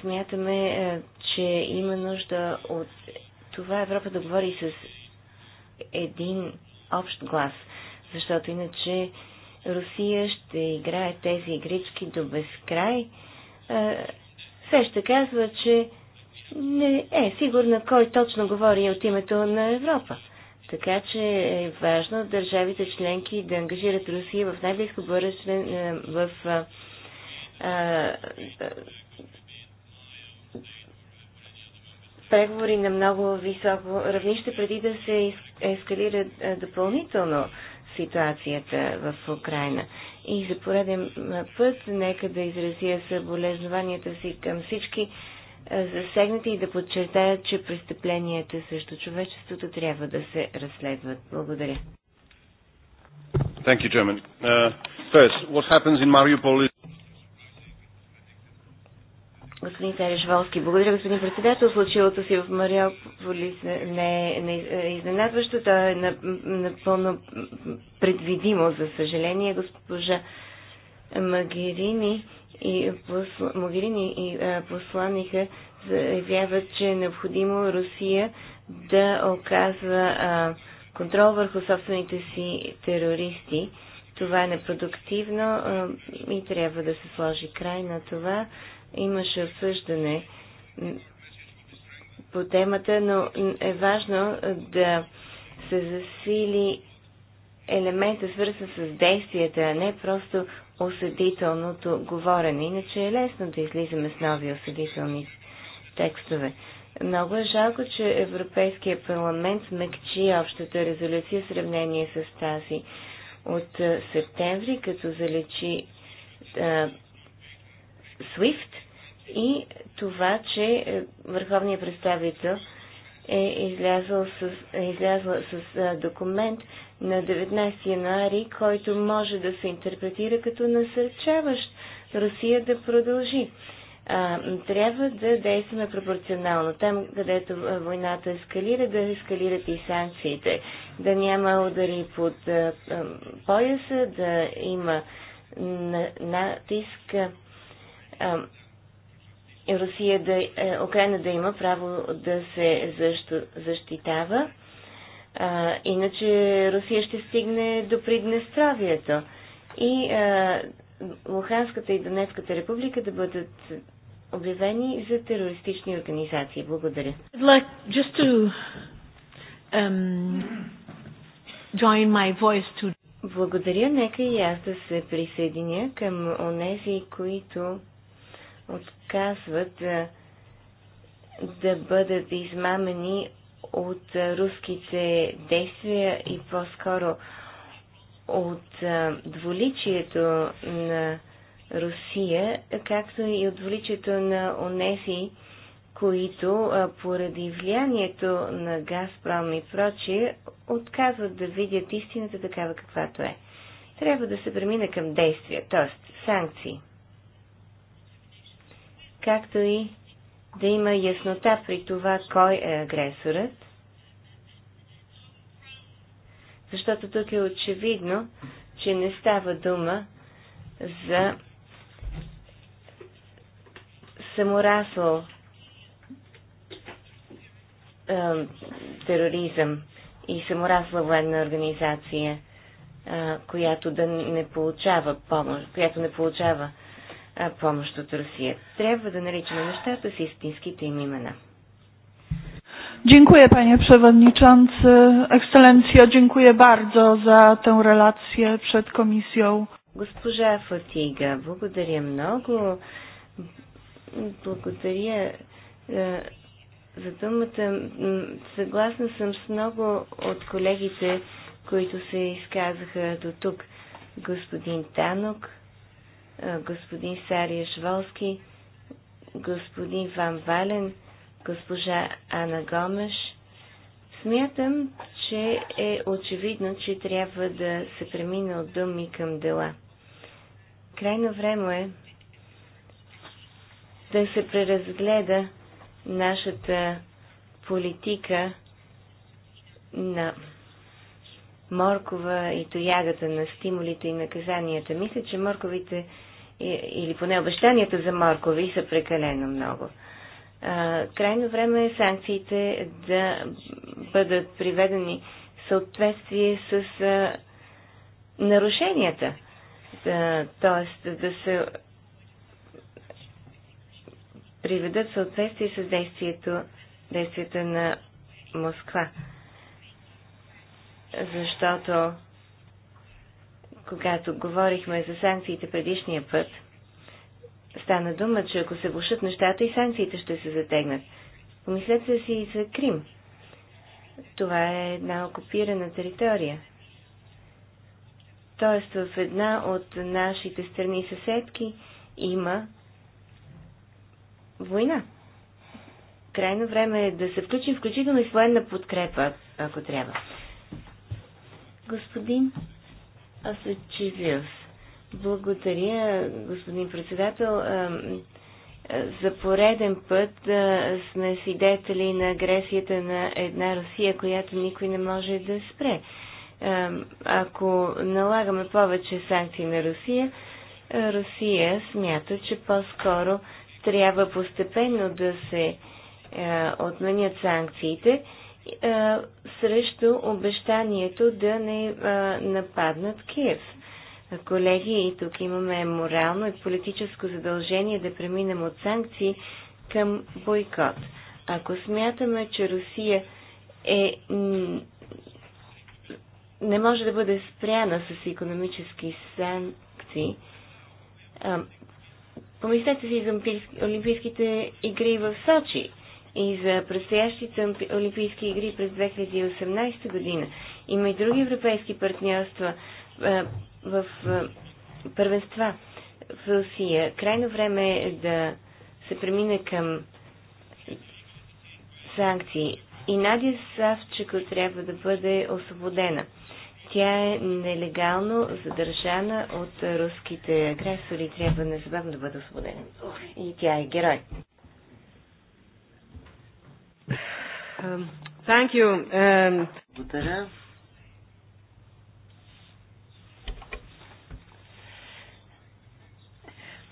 смятаме, че има нужда от това Европа да говори с един общ глас, защото иначе Русия ще играе тези игрички до безкрай. Все ще казва, че не е сигурна кой точно говори от името на Европа. Така че е важно държавите членки да ангажират Русия в най-близко бъдеще е, в преговори на много високо равнище, преди да се ескалира допълнително ситуацията в Украина. И за пореден път, нека да изразя съболезнованията си към всички засегнати и да подчертая, че престъпленията срещу човечеството трябва да се разследват. Благодаря. Thank you, Uh, first, what happens in Mariupol Господин Сариш Волски, благодаря, господин председател. Случилото си в Мариополис не е, изненадващо, то е напълно предвидимо, за съжаление, госпожа Магерини и, посла, Магерини и е, заявяват, че е необходимо Русия да оказва е, контрол върху собствените си терористи. Това е непродуктивно е, и трябва да се сложи край на това имаше обсъждане по темата, но е важно да се засили елемента, свързан с действията, а не просто осъдителното говорене. Иначе е лесно да излизаме с нови осъдителни текстове. Много е жалко, че Европейския парламент смекчи общата резолюция в сравнение с тази от септември, като залечи SWIFT и това, че е, върховният представител е излязъл с, е излязла с а, е, документ на 19 януари, който може да се интерпретира като насърчаващ Русия да продължи. А, трябва да действаме пропорционално. Там, където е, войната ескалира, да ескалират и санкциите. Да няма удари под а, а, пояса, да има натиск. на е, е, Русия да, е, Украина да има право да се защитава. А, иначе Русия ще стигне до Приднестровието и а, Луханската и Донецката република да бъдат обявени за терористични организации. Благодаря. Um, Благодаря. Нека и аз да се присъединя към онези, които отказват да бъдат измамени от руските действия и по-скоро от дволичието на Русия, както и от дволичието на онези, които поради влиянието на Газпром и прочие отказват да видят истината такава каквато е. Трябва да се премина към действия, т.е. санкции както и да има яснота при това кой е агресорът, защото тук е очевидно, че не става дума за саморасъл тероризъм и саморасла военна организация, която да не получава помощ, която не получава помощ от Русия. Трябва да наричаме нещата с истинските им имена. Dziękuję panie przewodniczący. Ekscelencjo, dziękuję bardzo za tę relację przed komisją. Госпожа Фатига, благодаря много. Благодаря е, за думата. Съгласна съм с много от колегите, които се изказаха до тук. Господин Танок, е, господин Сария Шволски, господин Ван Вален, госпожа Ана Гомеш. Смятам, че е очевидно, че трябва да се премина от думи към дела. Крайно време е да се преразгледа нашата политика на моркова и тоягата на стимулите и наказанията. Мисля, че морковите или поне обещанията за моркови са прекалено много. Крайно време е санкциите да бъдат приведени в съответствие с нарушенията, т.е. да се приведат в съответствие с действието, действията на Москва. Защото когато говорихме за санкциите предишния път, стана дума, че ако се влушат нещата и санкциите ще се затегнат. Помислете си и за Крим. Това е една окупирана територия. Тоест в една от нашите страни съседки има война. Крайно време е да се включим, включително и с военна подкрепа, ако трябва. Господин аз Асечивиус. Благодаря, господин председател. За пореден път сме свидетели на агресията на една Русия, която никой не може да спре. Ако налагаме повече санкции на Русия, Русия смята, че по-скоро трябва постепенно да се отменят санкциите, а, е, срещу обещанието да не а, е, нападнат Киев. Колеги, и тук имаме морално и политическо задължение да преминем от санкции към бойкот. Ако смятаме, че Русия е, не може да бъде спряна с економически санкции, а, помислете си за Олимпийските игри в Сочи – и за предстоящите Олимпийски игри през 2018 година. Има и други европейски партньорства в първенства в Русия. Крайно време е да се премине към санкции. И Надя Савчеко трябва да бъде освободена. Тя е нелегално задържана от руските агресори и трябва незабавно да бъде освободена. И тя е герой. Um, thank you. Um...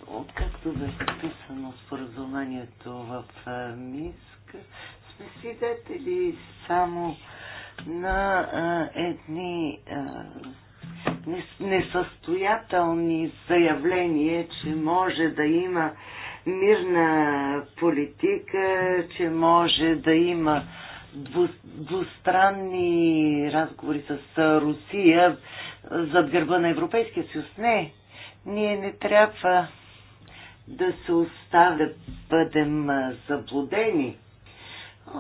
Откакто бе подписано споразумението в МИСК, сме свидетели само на а, едни а, несъстоятелни заявления, че може да има мирна политика, че може да има двустранни разговори с Русия зад гърба на Европейския съюз. Не, ние не трябва да се оставя бъдем заблудени.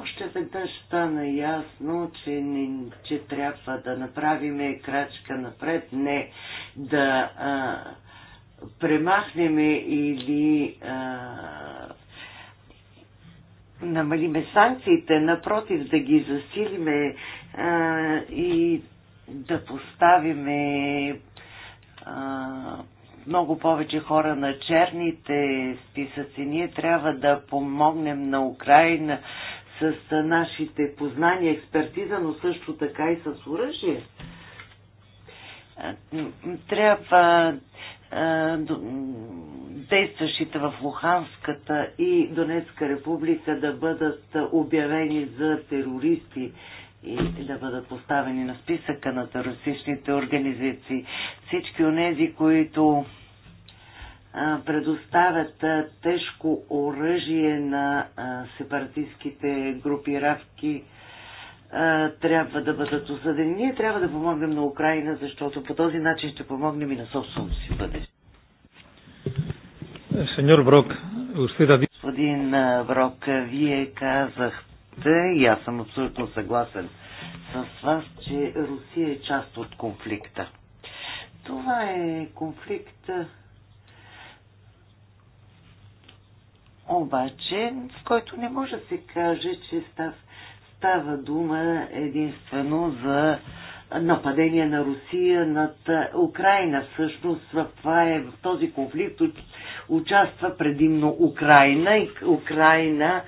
Още веднъж стана ясно, че, не, че трябва да направим крачка напред, не да а, премахнеме или а, намалиме санкциите, напротив да ги засилиме а, и да поставиме а, много повече хора на черните списъци. Ние трябва да помогнем на Украина с нашите познания, експертиза, но също така и с оръжие. Трябва е, действащите в Луханската и Донецка република да бъдат обявени за терористи и да бъдат поставени на списъка на терористичните организации. Всички тези, които е, предоставят е, тежко оръжие на сепаратистските групировки, трябва да бъдат осъдени. Ние трябва да помогнем на Украина, защото по този начин ще помогнем и на собственото си бъдеще. Сеньор Брок, Господин Брок, вие казахте, и аз съм абсолютно съгласен с вас, че Русия е част от конфликта. Това е конфликт, обаче, в който не може да се каже, че става става дума единствено за нападение на Русия над Украина. Всъщност в, това е, в този конфликт участва предимно Украина и Украина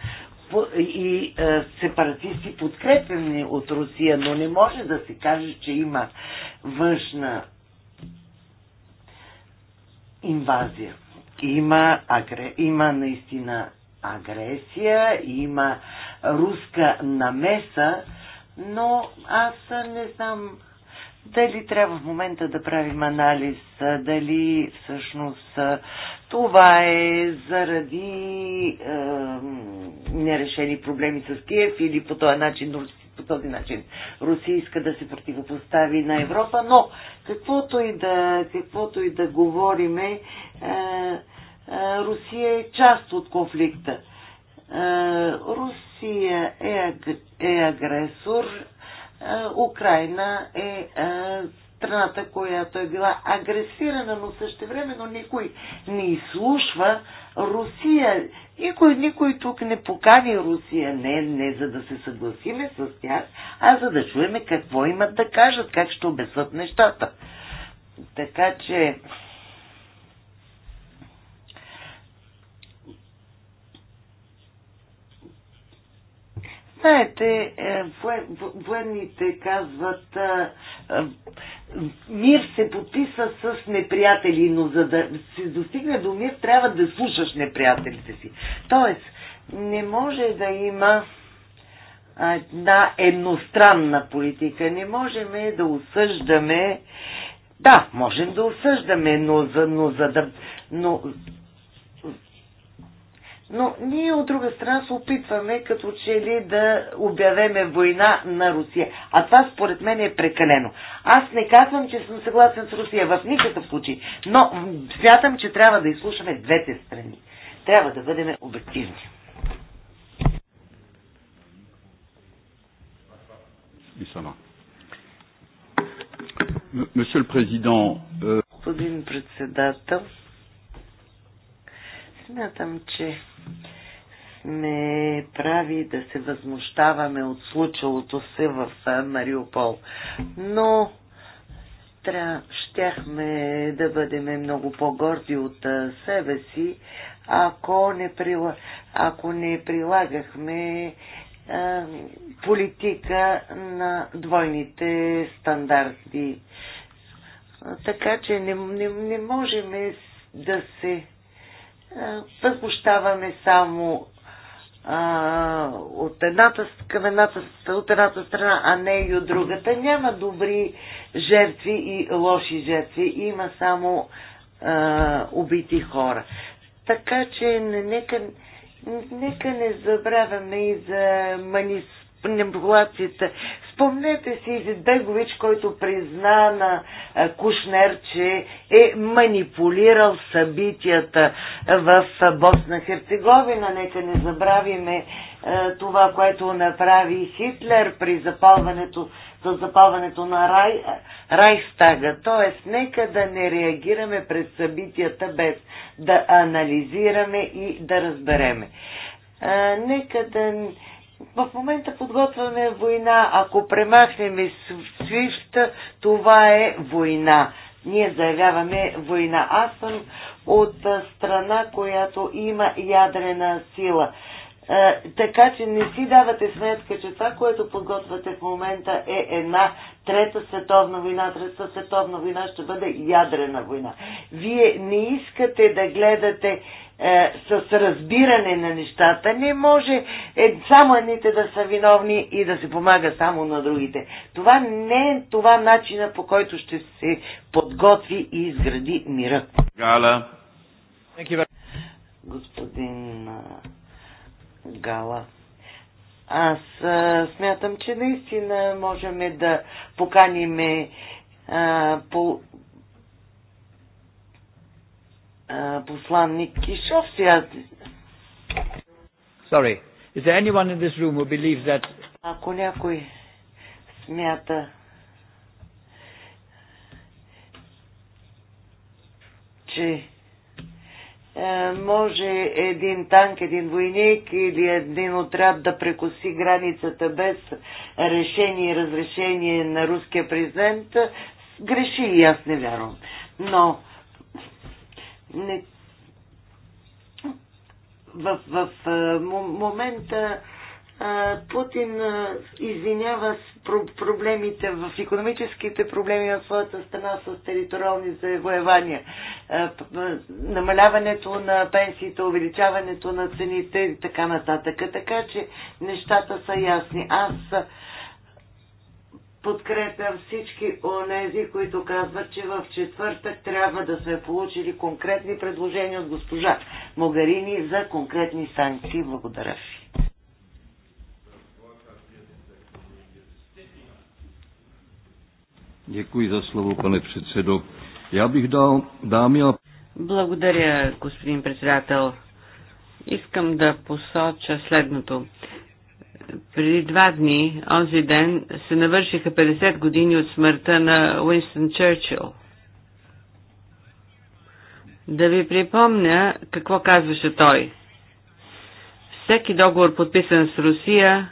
и е, сепаратисти подкрепени от Русия, но не може да се каже, че има външна инвазия. Има, агре, има наистина агресия, има руска намеса, но аз не знам дали трябва в момента да правим анализ, дали всъщност това е заради е, нерешени проблеми с Киев или по този начин, по този начин Русия иска да се противопостави на Европа, но каквото и да, каквото и да говориме, е, е, Русия е част от конфликта. Е, Рус, Русия е, е агресор, е, Украина е, е страната, която е била агресирана, но също времено никой не изслушва Русия. Никой, никой тук не покани Русия, не, не за да се съгласиме с тях, а за да чуеме какво имат да кажат, как ще обесват нещата. Така че Знаете, е, военните казват, е, е, мир се подписа с неприятели, но за да се достигне до мир, трябва да слушаш неприятелите си. Тоест, не може да има една едностранна политика. Не можем да осъждаме. Да, можем да осъждаме, но за, но за да. Но но ние от друга страна се опитваме като че ли да обявеме война на Русия. А това според мен е прекалено. Аз не казвам, че съм съгласен с Русия в никакъв случай, но смятам, че трябва да изслушаме двете страни. Трябва да бъдем обективни. Е- Господин председател, Смятам, че сме прави да се възмущаваме от случилото се в Мариупол. Но тря, щяхме да бъдем много по-горди от себе си, ако не, прила, ако не прилагахме а, политика на двойните стандарти. Така че не, не, не можем да се възмущаваме само а, от едната, към едната, от едната страна, а не и от другата. Няма добри жертви и лоши жертви. Има само а, убити хора. Така че нека, нека не забравяме и за манипулацията. Спомнете си Изидбегович, който призна на Кушнер, че е манипулирал събитията в Босна Херцеговина. Нека не забравиме това, което направи Хитлер при запалването, за запалването на рай, Райстага. Тоест, нека да не реагираме пред събитията без да анализираме и да разбереме. нека да в момента подготвяме война. Ако премахнем свифт, това е война. Ние заявяваме война. Аз съм от страна, която има ядрена сила. Е, така че не си давате сметка, че това, което подготвяте в момента е една трета световна война. Трета световна война ще бъде ядрена война. Вие не искате да гледате е, с разбиране на нещата. Не може е, само едните да са виновни и да се помага само на другите. Това не е това начина по който ще се подготви и изгради мира. Гала. Господин Гала. Аз а, смятам, че наистина можем да поканиме а, по посланник Кишов. Сега... Sorry. Is there anyone in this room who believes that... Ако някой смята, че е, може един танк, един войник или един отряд да прекоси границата без решение и разрешение на руския президент, греши и аз не вярвам. Но не, в, в, в момента Путин извинява проблемите в економическите проблеми в своята страна с териториални завоевания, намаляването на пенсиите, увеличаването на цените и така нататък. Така че нещата са ясни. Аз подкрепям всички онези, които казват, че в четвъртък трябва да сме получили конкретни предложения от госпожа Могарини за конкретни санкции. Благодаря ви. Děkuji za slovo, pane předsedo. Já bych dal dámy a... Благодаря, господин председател. Искам да посоча следното преди два дни, онзи ден, се навършиха 50 години от смъртта на Уинстън Чърчил. Да ви припомня какво казваше той. Всеки договор, подписан с Русия,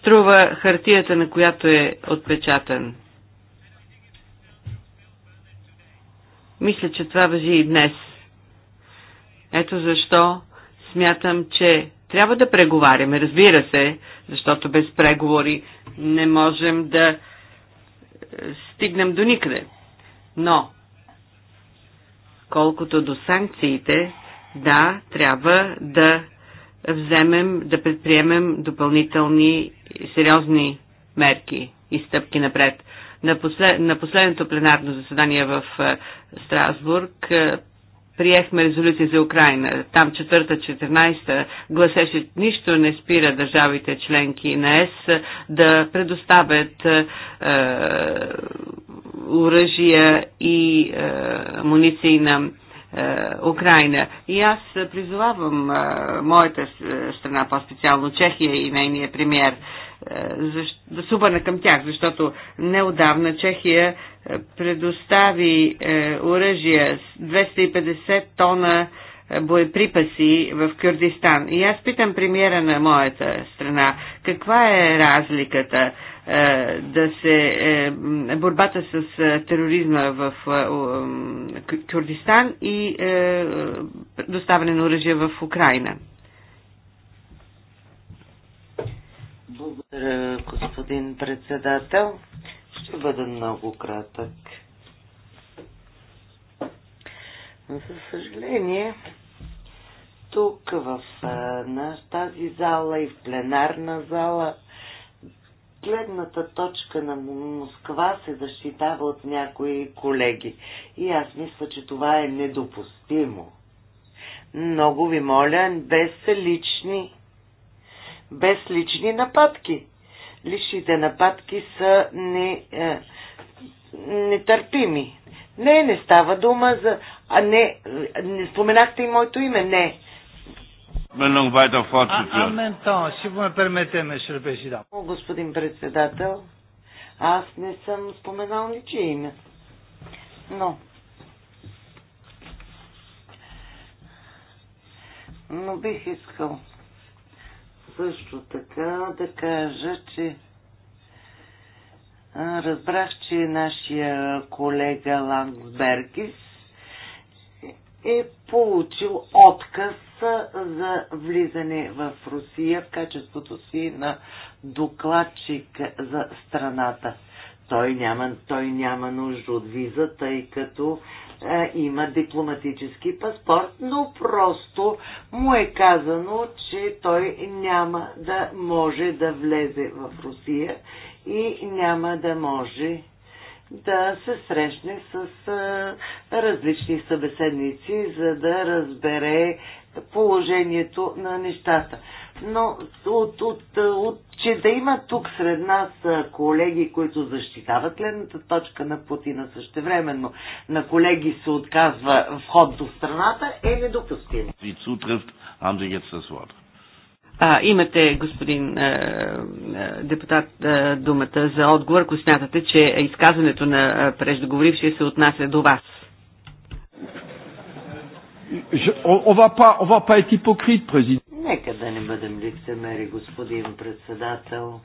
струва хартията, на която е отпечатан. Мисля, че това въжи и днес. Ето защо смятам, че трябва да преговаряме, разбира се, защото без преговори не можем да е, стигнем до никъде. Но, колкото до санкциите, да, трябва да вземем, да предприемем допълнителни сериозни мерки и стъпки напред. На, послед, на последното пленарно заседание в е, Страсбург е, приехме резолюция за Украина. Там четвърта, 14 гласеше, нищо не спира държавите членки на ЕС да предоставят е, оръжия и е, муниции на е, Украина. И аз призовавам е, моята страна, по-специално Чехия и нейния премьер, защ... да се обърна към тях, защото неодавна Чехия е, предостави е, оръжия 250 тона е, боеприпаси в Кюрдистан. И аз питам премиера на моята страна, каква е разликата е, да се е, борбата с е, тероризма в Кюрдистан и доставане на оръжия в Украина? Благодаря, господин председател. Ще бъда много кратък. За съжаление, тук в на тази зала и в пленарна зала гледната точка на Москва се защитава от някои колеги. И аз мисля, че това е недопустимо. Много ви моля, без лични без лични нападки. Личните нападки са не, е, нетърпими. Не, не става дума за... А не, не споменахте и моето име, не. О, господин председател, аз не съм споменал ничие име. Но... Но бих искал също така да кажа, че разбрах, че нашия колега Лангсбергис е получил отказ за влизане в Русия в качеството си на докладчик за страната. Той няма, той няма нужда от виза, тъй като е, има дипломатически паспорт, но просто му е казано, че той няма да може да влезе в Русия и няма да може да се срещне с а, е, различни събеседници, за да разбере положението на нещата но от, от, от, че да има тук сред нас колеги, които защитават гледната точка на Путина същевременно, на колеги се отказва вход до страната, е недопустимо. А, имате, господин е, депутат, е, думата за отговор, ако смятате, че изказването на преждоговорившия се отнася до вас. Je, on, on va pas, on va pas être hypocrite, président. Нека да не бъдем лицемери, господин председател.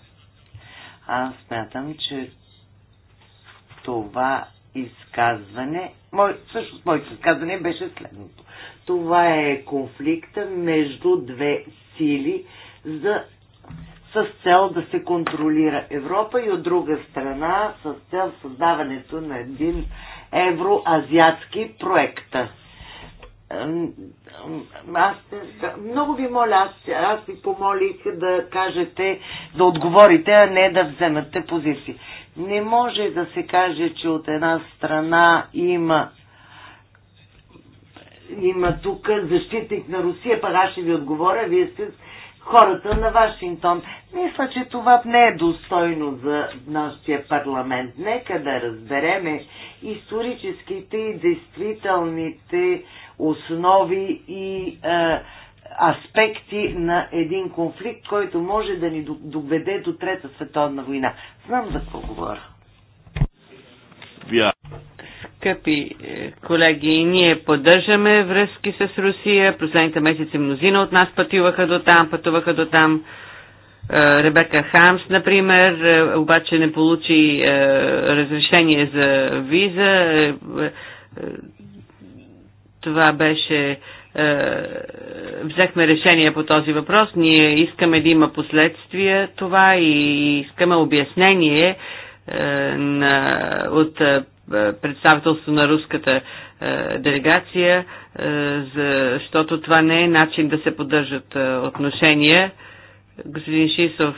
Аз смятам, че това изказване, мой, всъщност моето изказване беше следното. Това е конфликта между две сили за, с цел да се контролира Европа и от друга страна с цел създаването на един евроазиатски проект аз много ви моля, аз, аз ви помолих да кажете, да отговорите, а не да вземете позиции. Не може да се каже, че от една страна има има тук защитник на Русия, пък аз ще ви отговоря, вие сте хората на Вашингтон. Мисля, че това не е достойно за нашия парламент. Нека да разбереме историческите и действителните основи и е, аспекти на един конфликт, който може да ни доведе до Трета световна война. Знам за какво говоря. Скъпи е, колеги, ние поддържаме връзки с Русия. Последните месеци мнозина от нас пътуваха до там, пътуваха до там. Е, Ребека Хамс, например, е, обаче не получи разрешение за виза това беше е, взехме решение по този въпрос. Ние искаме да има последствия това и искаме обяснение е, на, от е, представителство на руската делегация, защото това не е начин да се поддържат отношения. Господин Шисов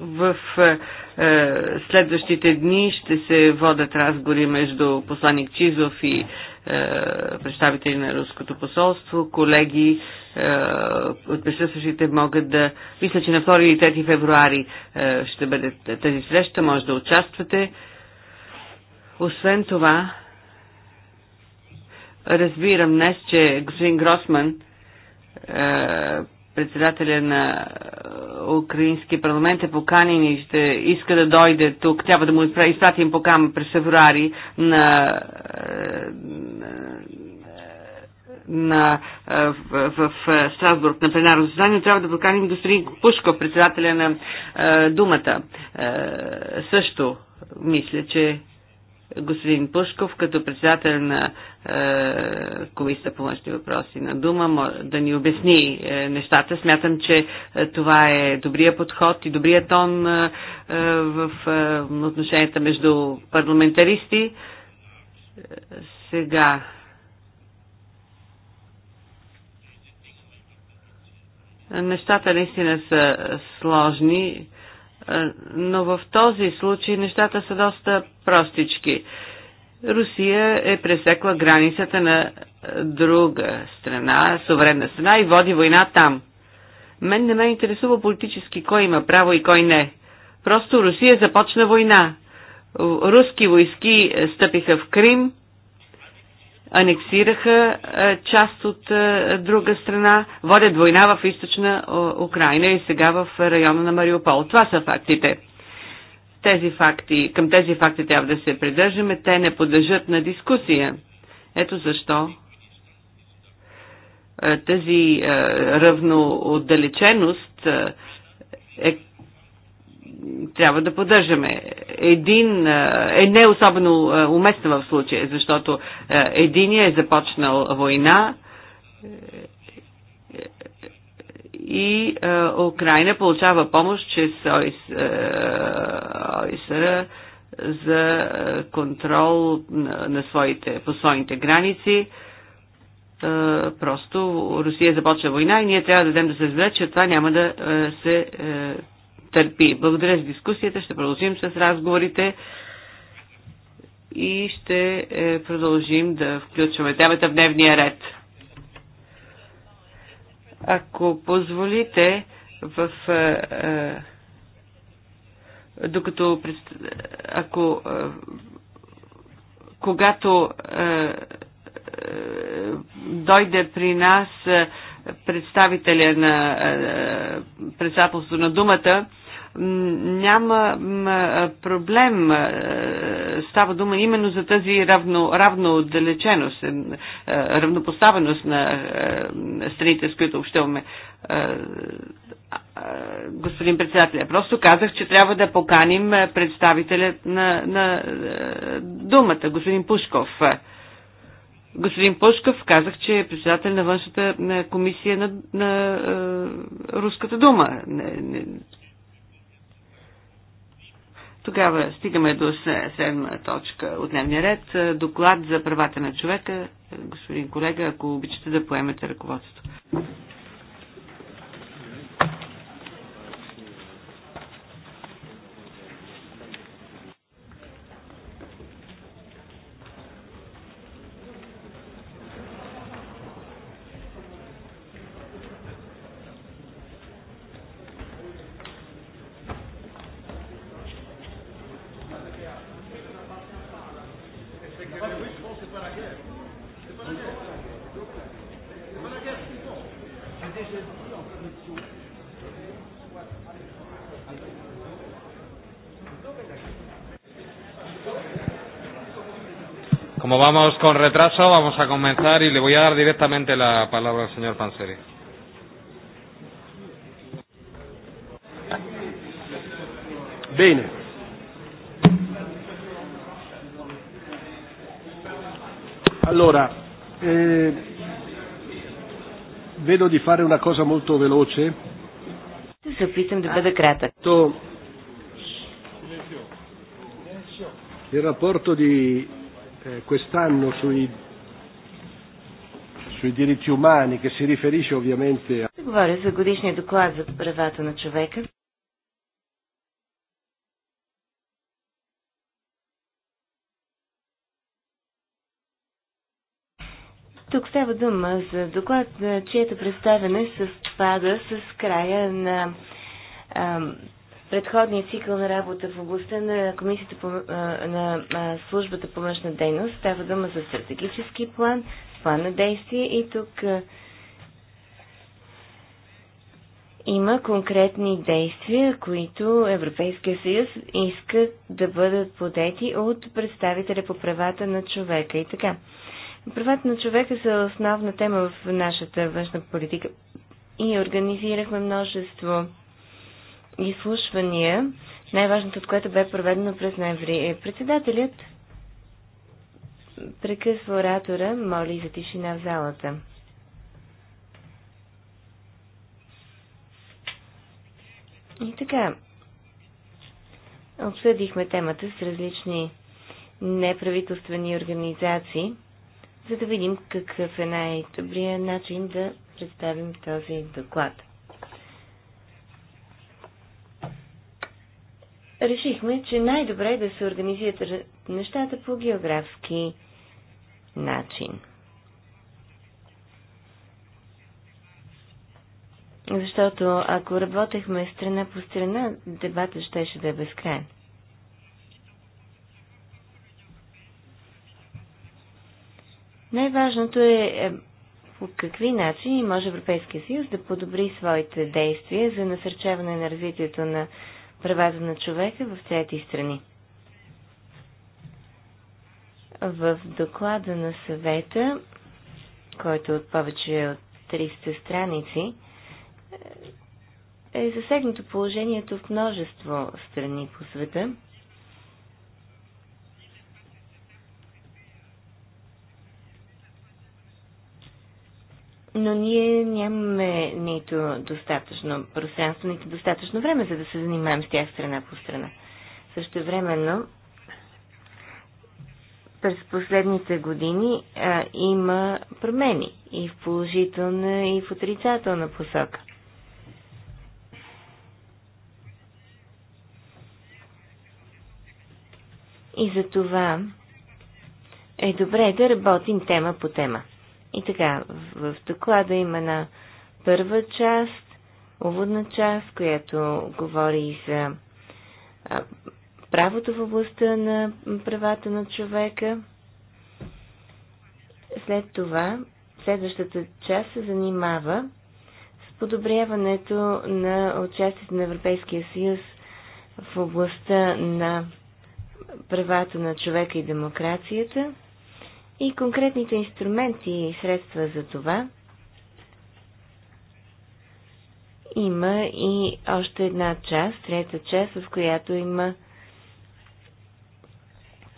в е, е, следващите дни ще се водят разговори между посланник Чизов и е, представители на Руското посолство. Колеги е, от присъстващите могат да... Мисля, че на 2 или 3 февруари е, ще бъде тази среща. Може да участвате. Освен това, разбирам днес, че господин Гросман е, председателя на е, украински парламент е поканен и ще иска да дойде тук. Трябва да му изпратим покан през февруари на, е, на, е, в, в, в Страсбург на пленарно заседание. Трябва да поканим господин Пушков, председателя на Думата. Също мисля, че господин Пушков като председател на е, Комисията по външни въпроси на дума, да ни обясни е, нещата. Смятам, че е, това е добрия подход и добрия тон в отношенията между парламентаристи. Сега. Нещата наистина са сложни, но в този случай нещата са доста простички Русия е пресекла границата на е, друга страна, суверенна страна и води война там. Мен не ме интересува политически кой има право и кой не. Просто Русия започна война. Руски войски е, стъпиха в Крим, анексираха е, част от друга страна, водят война в източна Украина и сега в района на Мариупол. Това са фактите. Тези факти, към тези факти трябва да се придържаме, те не подлежат на дискусия. Ето защо е, тази е, равноотдалеченост е, е, трябва да поддържаме. Един е не особено уместна в случая, защото единия е започнал война, и а, е, Украина получава помощ чрез ОИСР е, е, за контрол на, на своите, по своите граници. А, просто Русия започва война и ние трябва да дадем да се разбере, че това няма да а, се а, търпи. Благодаря за дискусията, ще продължим с разговорите и ще е, продължим да включваме темата в дневния ред. Ако позволите, в, е, е, докато ако е, когато дойде при нас представителя на председателство на думата, няма проблем. Е, става дума именно за тази равно, равноотдалеченост, е, е, равнопоставеност на страните, с които общуваме. Господин председателя, просто казах, че трябва да поканим представителя на, на думата, господин Пушков. Господин Пушков казах, че е председател на външната комисия на, на, на Руската дума. Тогава стигаме до седма точка от дневния ред. Доклад за правата на човека. Господин колега, ако обичате да поемете ръководството. Como vamos con retraso, vamos a comenzar y le voy a dar directamente la palabra al señor Panseri. Bien. Allora, eh, vedo di fare una cosa molto veloce. Ще се опитам да бъда кратък. il rapporto di eh, quest'anno sui, sui diritti umani, che si riferisce ovviamente a... Говоря за годишния доклад за правата на човека. Тук става дума за доклад, чието представяне съвпада с края на предходния цикъл на работа в областта на Комисията по, на службата по външна дейност. Става дума за стратегически план, план на действие и тук има конкретни действия, които Европейския съюз иска да бъдат подети от представителя по правата на човека и така. Правата на човека са основна тема в нашата външна политика и организирахме множество изслушвания, най-важното от което бе проведено през ноември. Е председателят прекъсва оратора, моли за тишина в залата. И така, обсъдихме темата с различни неправителствени организации, за да видим какъв е най-добрият начин да представим този доклад. решихме, че най-добре е да се организират нещата по географски начин. Защото ако работехме страна по страна, дебата ще ще да е безкрайен. Най-важното е, е по какви начини може Европейския съюз да подобри своите действия за насърчаване на развитието на правата на човека в трети страни. В доклада на съвета, който от повече от 300 страници, е засегнато положението в множество страни по света – но ние нямаме нито достатъчно пространство, нито достатъчно време, за да се занимаем с тях страна по страна. Също времено, през последните години а, има промени и в положителна, и в отрицателна посока. И за това е добре да работим тема по тема. И така, в доклада има една първа част, уводна част, която говори за правото в областта на правата на човека. След това, следващата част се занимава с подобряването на участието на Европейския съюз в областта на правата на човека и демокрацията – и конкретните инструменти и средства за това. Има и още една част, трета част, в която има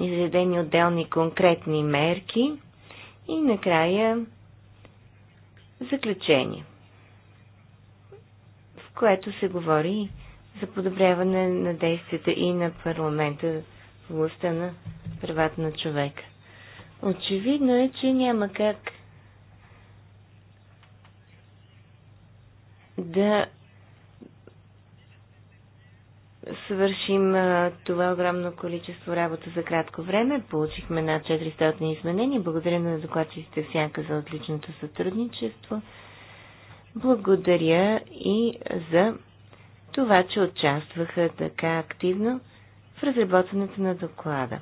изредени отделни конкретни мерки и накрая заключение, в което се говори за подобряване на действията и на парламента в областта на правата на човека. Очевидно е, че няма как да свършим а, това огромно количество работа за кратко време. Получихме над 400 изменения. Благодаря на докладчиците Сянка за отличното сътрудничество. Благодаря и за това, че участваха така активно в разработването на доклада.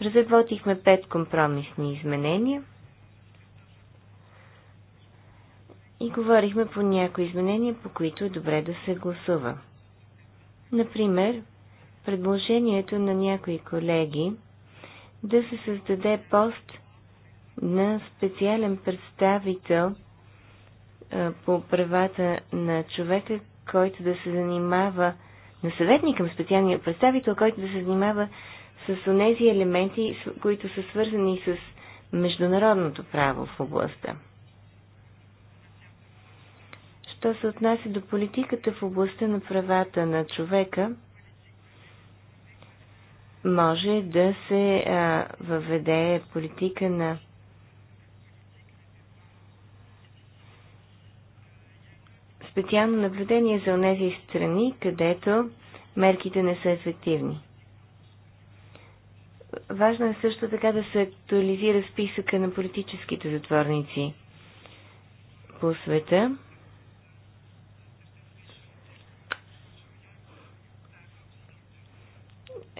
Разработихме пет компромисни изменения и говорихме по някои изменения, по които е добре да се гласува. Например, предложението на някои колеги да се създаде пост на специален представител по правата на човека, който да се занимава на съветник към специалния представител, който да се занимава с онези елементи, които са свързани с международното право в областта. Що се отнася до политиката в областта на правата на човека, може да се а, въведе политика на специално наблюдение за тези страни, където мерките не са ефективни. Важно е също така да се актуализира списъка на политическите затворници по света.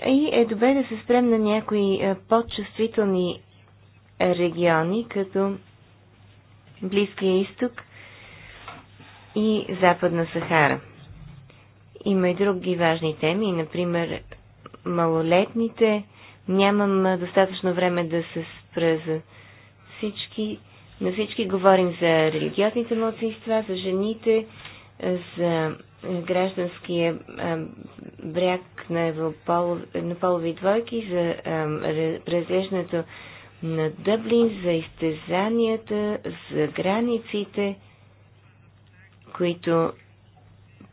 И е добре да се спрем на някои е, по-чувствителни региони, като Близкия изток и Западна Сахара. Има и други важни теми, например малолетните Нямам достатъчно време да се спра за всички. На всички говорим за религиозните младсинства, за жените, за гражданския бряг на полови двойки, за разглеждането на Дъблин, за изтезанията, за границите, които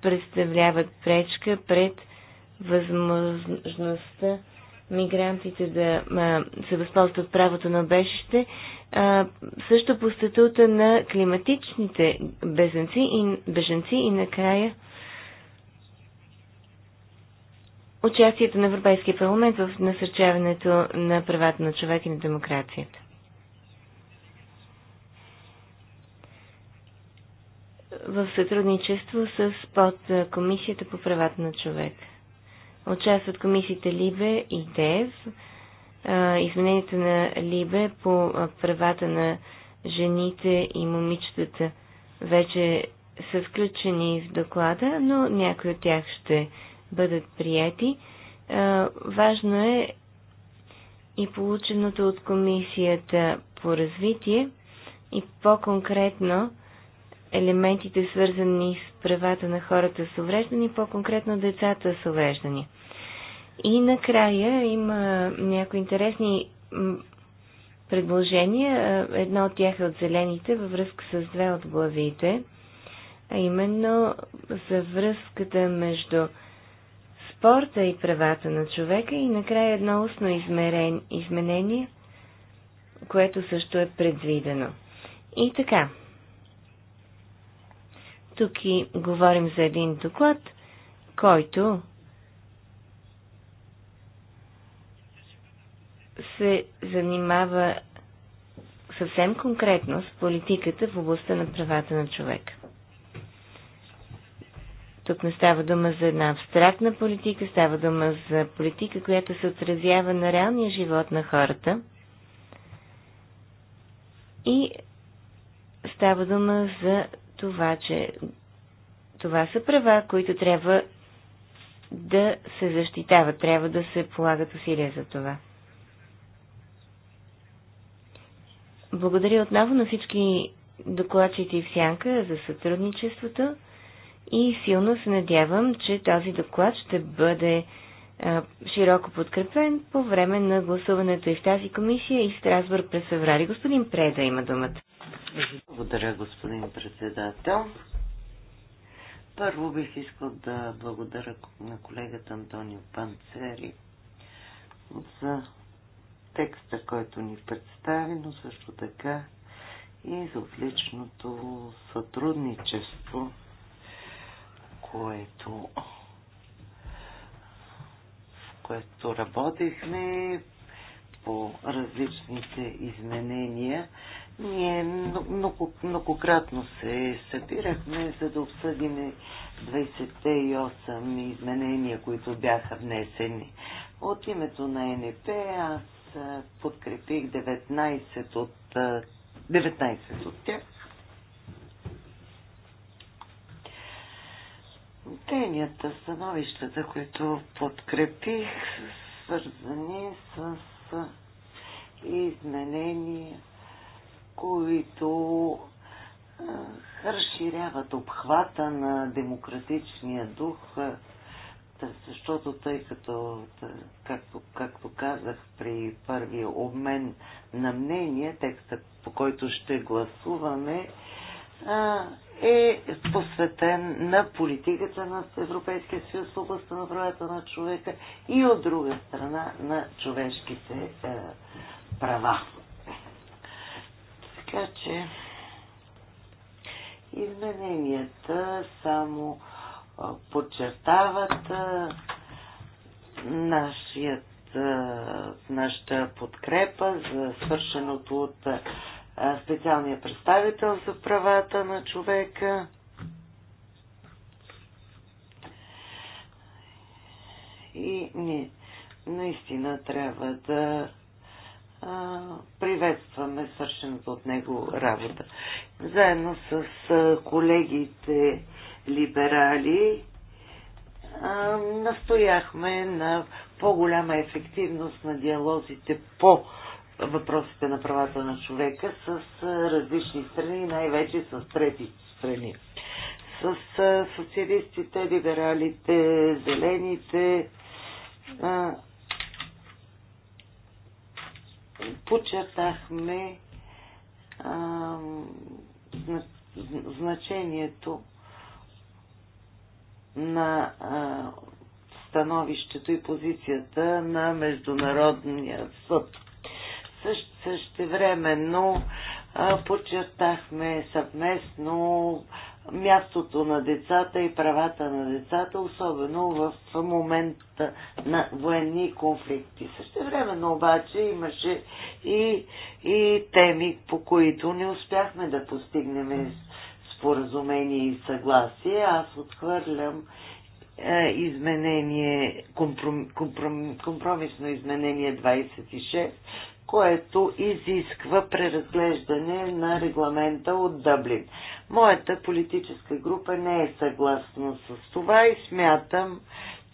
представляват пречка пред възможността мигрантите да а, се възползват от правото на обежище, също по статута на климатичните беженци и, беженци и накрая участието на Европейския парламент в насърчаването на правата на човек и на демокрацията. в сътрудничество с под Комисията по правата на човека участват комисиите Либе и ДЕВ. Изменението на Либе по правата на жените и момичетата вече са включени в доклада, но някои от тях ще бъдат прияти. Важно е и полученото от комисията по развитие и по-конкретно елементите, свързани с правата на хората с увреждани, по-конкретно децата с увреждани. И накрая има някои интересни предложения. Едно от тях е от зелените във връзка с две от главите, а именно за връзката между спорта и правата на човека и накрая едно устно измерен, изменение, което също е предвидено. И така, тук и говорим за един доклад, който се занимава съвсем конкретно с политиката в областта на правата на човека. Тук не става дума за една абстрактна политика, става дума за политика, която се отразява на реалния живот на хората. И става дума за това, че това са права, които трябва да се защитават, трябва да се полагат усилия за това. Благодаря отново на всички докладчите и в сянка за сътрудничеството и силно се надявам, че този доклад ще бъде а, широко подкрепен по време на гласуването и в тази комисия и в Страсбург през феврари. Господин Преда има думата. Благодаря, господин председател. Първо бих искал да благодаря на колегата Антонио Панцери за текста, който ни представи, но също така и за отличното сътрудничество, което в което работихме по различните изменения. Ние много, многократно се събирахме, за да обсъдим 28 изменения, които бяха внесени. От името на НП аз подкрепих 19 от, 19 от тях. Тенията, становищата, които подкрепих, свързани с изменения които разширяват обхвата на демократичния дух, защото тъй като, както, както казах при първия обмен на мнение, текста по който ще гласуваме, е посветен на политиката на Европейския съюз в областта на правата на човека и от друга страна на човешките права. Така че измененията само подчертават нашият, нашата подкрепа за свършеното от специалния представител за правата на човека. И ние наистина трябва да приветстваме свършената от него работа. Заедно с колегите либерали настояхме на по-голяма ефективност на диалозите по въпросите на правата на човека с различни страни, най-вече с трети страни. С социалистите, либералите, зелените, подчертахме а, значението на а, становището и позицията на Международния съд. Също, същевременно а, подчертахме съвместно мястото на децата и правата на децата, особено в момента на военни конфликти. Също времено обаче имаше и, и теми, по които не успяхме да постигнем споразумение и съгласие. Аз отхвърлям е, изменение, компром, компром, компромисно изменение 26, което изисква преразглеждане на регламента от Дъблин. Моята политическа група не е съгласна с това и смятам,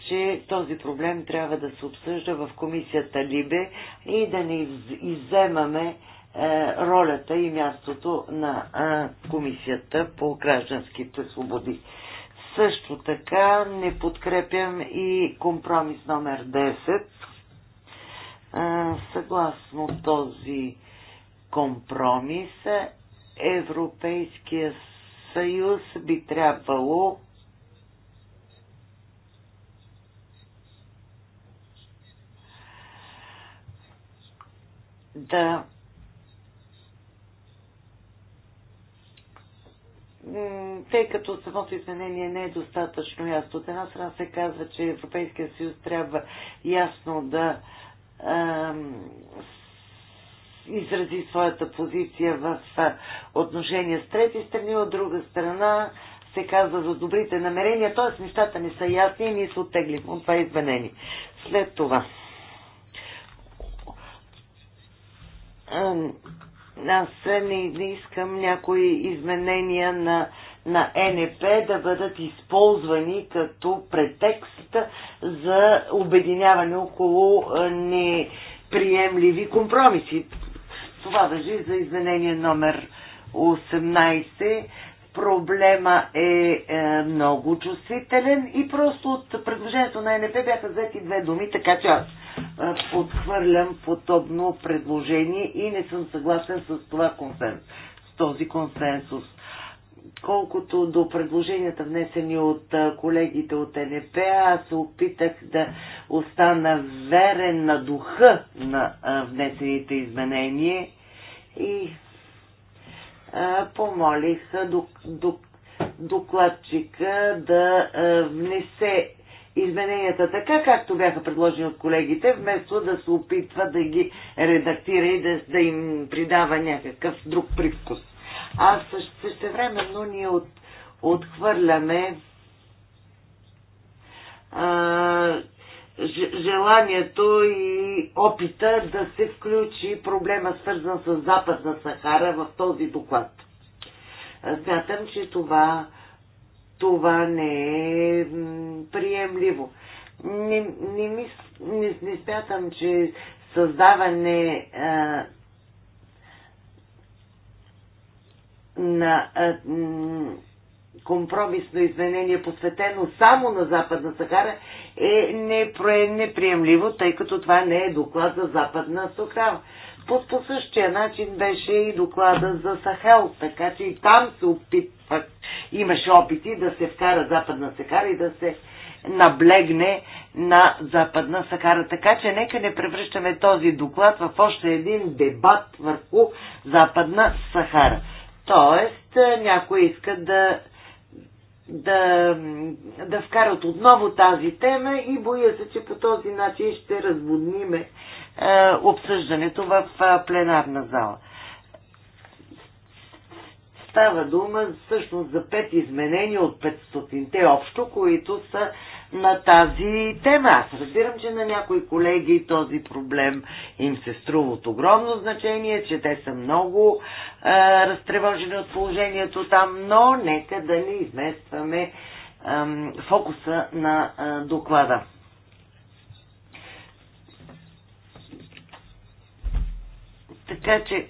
че този проблем трябва да се обсъжда в комисията Либе и да не изземаме е, ролята и мястото на е, комисията по гражданските свободи. Също така не подкрепям и компромис номер 10, съгласно този компромис, Европейския съюз би трябвало да тъй като самото изменение не е достатъчно ясно. От една страна се казва, че Европейския съюз трябва ясно да изрази своята позиция в отношения с трети страни, от друга страна се казва за добрите намерения, т.е. нещата не са ясни и ние се оттеглим от това изменение. След това. Аз не, не искам някои изменения на на НП да бъдат използвани като претекст за обединяване около е, неприемливи компромиси. Това въжи за изменение номер 18. Проблема е, е много чувствителен и просто от предложението на НП бяха взети две думи, така че аз е, подхвърлям подобно предложение и не съм съгласен с това консенсус, с този консенсус колкото до предложенията внесени от колегите от НП, аз се опитах да остана верен на духа на внесените изменения и помолих докладчика да внесе измененията така, както бяха предложени от колегите, вместо да се опитва да ги редактира и да, да им придава някакъв друг привкус а същевременно ние от, отхвърляме а, желанието и опита да се включи проблема свързан с Западна Сахара в този доклад. Смятам, че това, това не е приемливо. Не, не, мис, не, не смятам, че създаване а, на компромисно изменение, посветено само на Западна Сахара, е, е неприемливо, тъй като това не е доклад за Западна Сахара. По, по същия начин беше и доклада за Сахел, така че и там се опитва имаше опити да се вкара Западна Сахара и да се наблегне на Западна Сахара. Така че нека не превръщаме този доклад в още един дебат върху Западна Сахара. Тоест, е, някои искат да, да, да вкарат отново тази тема и боя се, че по този начин ще разводниме е, обсъждането в е, пленарна зала. Става дума всъщност за пет изменения от 500-те общо, които са на тази тема. Аз разбирам, че на някои колеги този проблем им се струва от огромно значение, че те са много е, разтревожени от положението там, но нека да не изместваме е, фокуса на е, доклада. Така че,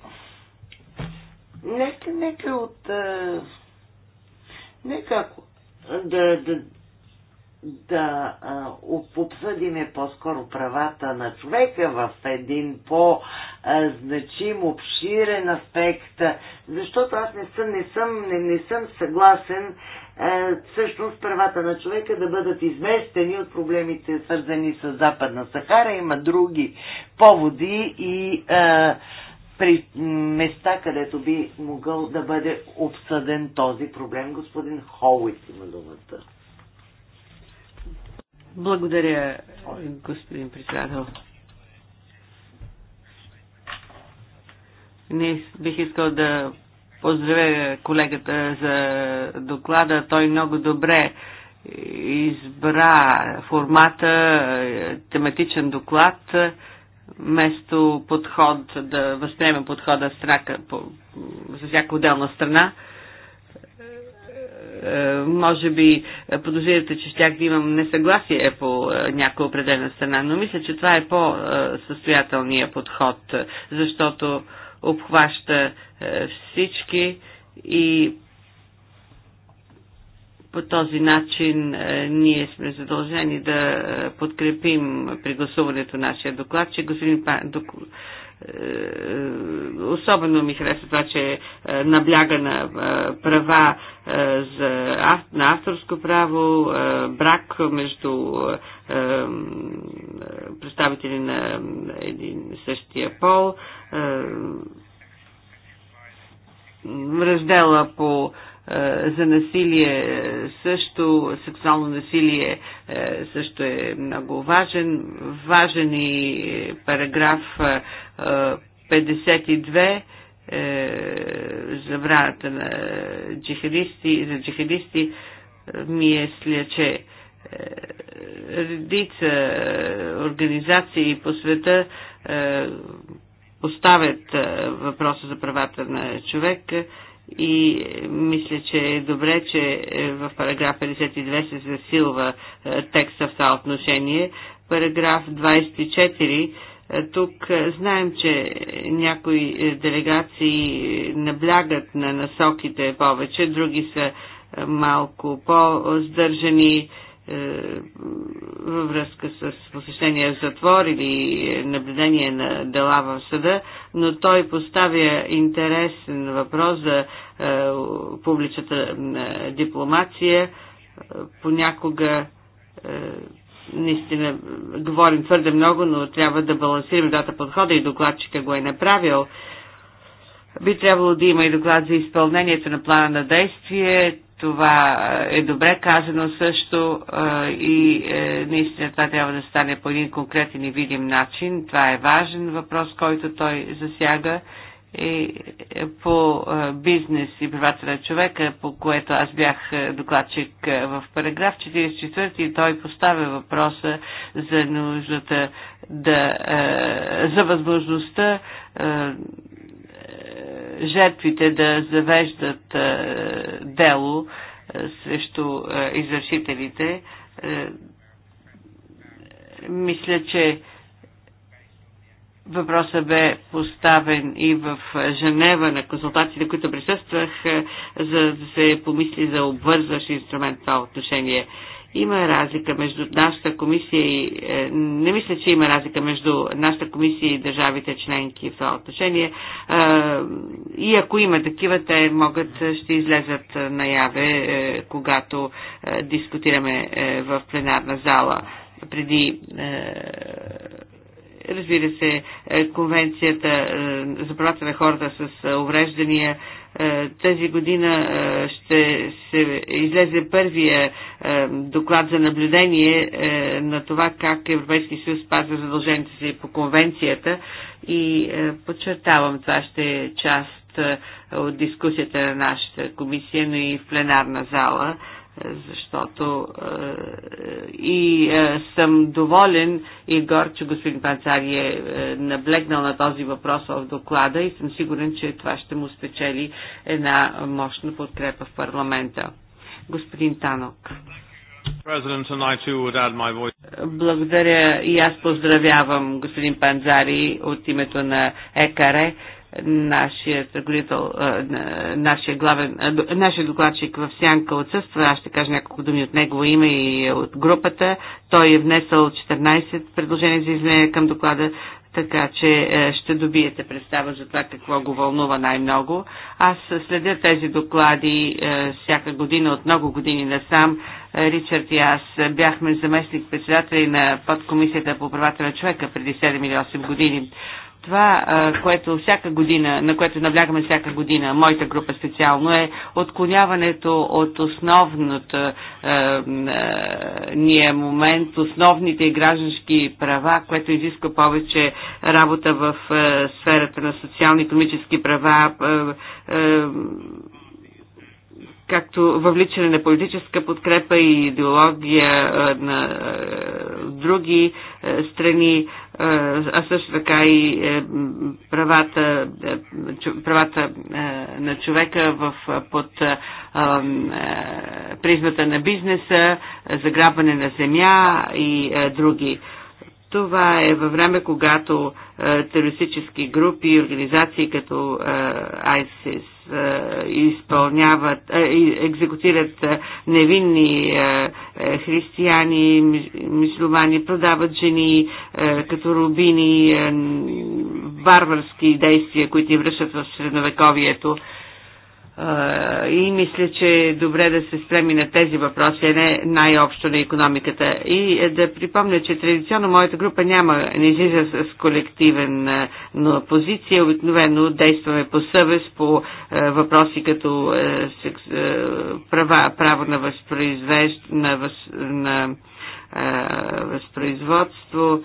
нека, нека от... Е, нека ако, да, да, да обсъдиме по-скоро правата на човека в един по-значим, обширен аспект, защото аз не съм, не съм, не, не съм съгласен всъщност правата на човека да бъдат изместени от проблемите, свързани с Западна Сахара. Има други поводи и а, при места, където би могъл да бъде обсъден този проблем. Господин Холуит има думата. Благодаря, господин председател. Не бих искал да поздравя колегата за доклада. Той много добре избра формата, тематичен доклад, вместо подход, да възприеме подхода страна, за всяка отделна страна. Е, може би подозирате, че щях да имам несъгласие по е, някоя определена страна, но мисля, че това е по-състоятелният подход, защото обхваща е, всички и по този начин ние сме задължени да подкрепим при гласуването нашия доклад, че господин е, е, особено ми харесва това, че е, набляга на права за, на авторско право, брак между представители на един същия пол, раздела по е, за насилие е, също, сексуално насилие е, също е много важен. Важен и параграф 52 за врата на джихадисти, за джихадисти мисля, че редица организации по света поставят въпроса за правата на човека и е, мисля, че е добре, че е, в параграф 52 се засилва е, текста в това отношение. Параграф 24 тук знаем, че някои делегации наблягат на насоките повече, други са малко по-здържани е, във връзка с посещение в затвор или наблюдение на дела в съда, но той поставя интересен въпрос за е, публичната е, дипломация. Понякога наистина говорим твърде много, но трябва да балансираме дата подхода и докладчика го е направил. Би трябвало да има и доклад за изпълнението на плана на действие. Това е, е добре казано също и е, наистина това трябва да стане по един конкретен и видим начин. Това е важен въпрос, който той засяга и е, по бизнес и правата на човека, по което аз бях докладчик в параграф 44, той поставя въпроса за нуждата да, за възможността жертвите да завеждат е, дело е, срещу е, извършителите. Мисля, че Въпросът бе поставен и в Женева на консултациите, които присъствах, за да се помисли за обвързващ инструмент в това отношение. Има разлика между нашата комисия и... Е, не мисля, че има разлика между нашата комисия и държавите членки в това отношение. Е, и ако има такива, те могат, е, ще излезат наяве, когато дискутираме в пленарна зала преди разбира се, конвенцията за правата на хората с увреждания е, тази година е, ще се излезе първия е, доклад за наблюдение на това как Европейски съюз спазва задълженията си по конвенцията и подчертавам, това ще е част от дискусията на нашата комисия, но и в пленарна зала защото е, и е, съм доволен и гор, че господин Панцари е, е наблегнал на този въпрос в доклада и съм сигурен, че това ще му спечели една мощна подкрепа в парламента. Господин Танок. Благодаря и аз поздравявам господин Панзари от името на ЕКАРЕ нашият, ръководител, нашия, главен, нашия докладчик в Сянка отсъства. Аз ще кажа няколко думи от него име и от групата. Той е внесъл 14 предложения за изменение към доклада, така че ще добиете представа за това какво го вълнува най-много. Аз следя тези доклади всяка година, от много години насам. Ричард и аз бяхме заместник-председатели на подкомисията по правата на човека преди 7 или 8 години. Това, което всяка година, на което наблягаме всяка година, моята група специално, е отклоняването от основната е, е, ние момент, основните граждански права, което изисква повече работа в е, сферата на социално-економически права, е, е, както въвличане на политическа подкрепа и идеология на други страни, а също така и е, правата, е, правата е, на човека в, под призмата на бизнеса, заграбване на земя и други това е във време, когато е, терористически групи и организации като е, ISIS е, изпълняват, е, екзекутират е, невинни е, е, християни, мисломани, продават жени е, като рубини, е, варварски действия, които връщат в средновековието. Е, и мисля, че е добре да се спреми на тези въпроси, а не най-общо на економиката. И е, да припомня, че традиционно моята група няма, не излиза с колективен но позиция, обикновено действаме по съвест, по въпроси като права, право на възпроизвеждане на, въз, на възпроизводство,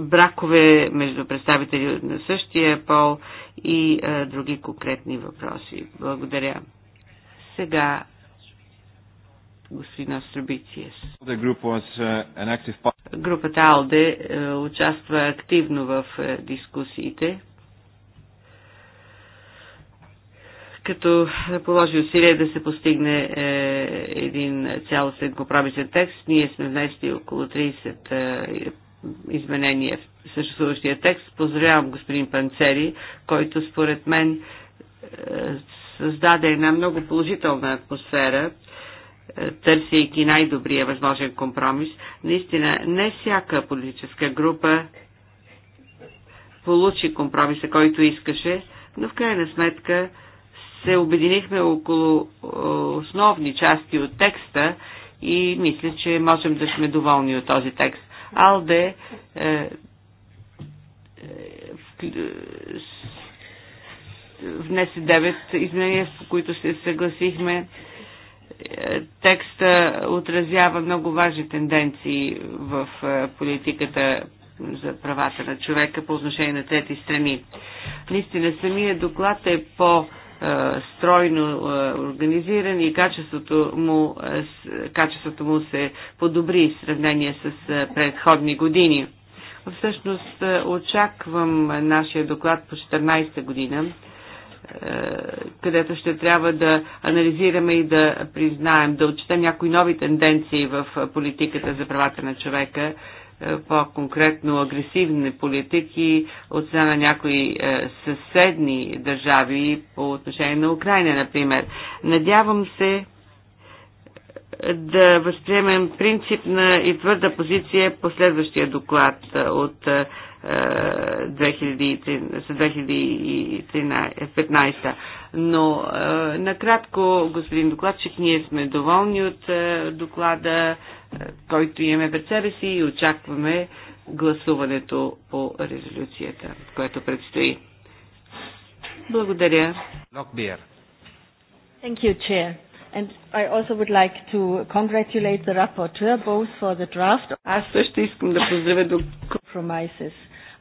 бракове между представители на същия пол и а, други конкретни въпроси. Благодаря. Сега господин Остробициес. Uh, Групата АЛДЕ е, участва активно в е, дискусиите. като положи усилие да се постигне е, един цялостен компромисен текст. Ние сме внесли около 30 е, изменение в съществуващия текст. Поздравявам господин Панцери, който според мен е, създаде една много положителна атмосфера, е, търсейки най-добрия възможен компромис. Наистина, не всяка политическа група получи компромиса, който искаше, но в крайна сметка се обединихме около е, основни части от текста и мисля, че можем да сме доволни от този текст. Алде е, е внесе 9 изменения, по които се съгласихме. Е, текста отразява много важни тенденции в е, политиката за правата на човека по отношение на трети страни. Наистина самия доклад е по- стройно организиран и качеството му, качеството му се подобри в сравнение с предходни години. Всъщност очаквам нашия доклад по 14-та година, където ще трябва да анализираме и да признаем, да отчетем някои нови тенденции в политиката за правата на човека е, по-конкретно агресивни политики от страна на някои е, съседни държави по отношение на Украина, например. Надявам се е, да възприемем принцип на и твърда позиция по следващия доклад от 2015. Но е, накратко, господин докладчик, ние сме доволни от е, доклада, е, който имаме пред себе си и очакваме гласуването по резолюцията, което предстои. Благодаря. Локбиер. Thank you, Chair. And I also would like to congratulate the rapporteur both for the draft. Аз също compromises.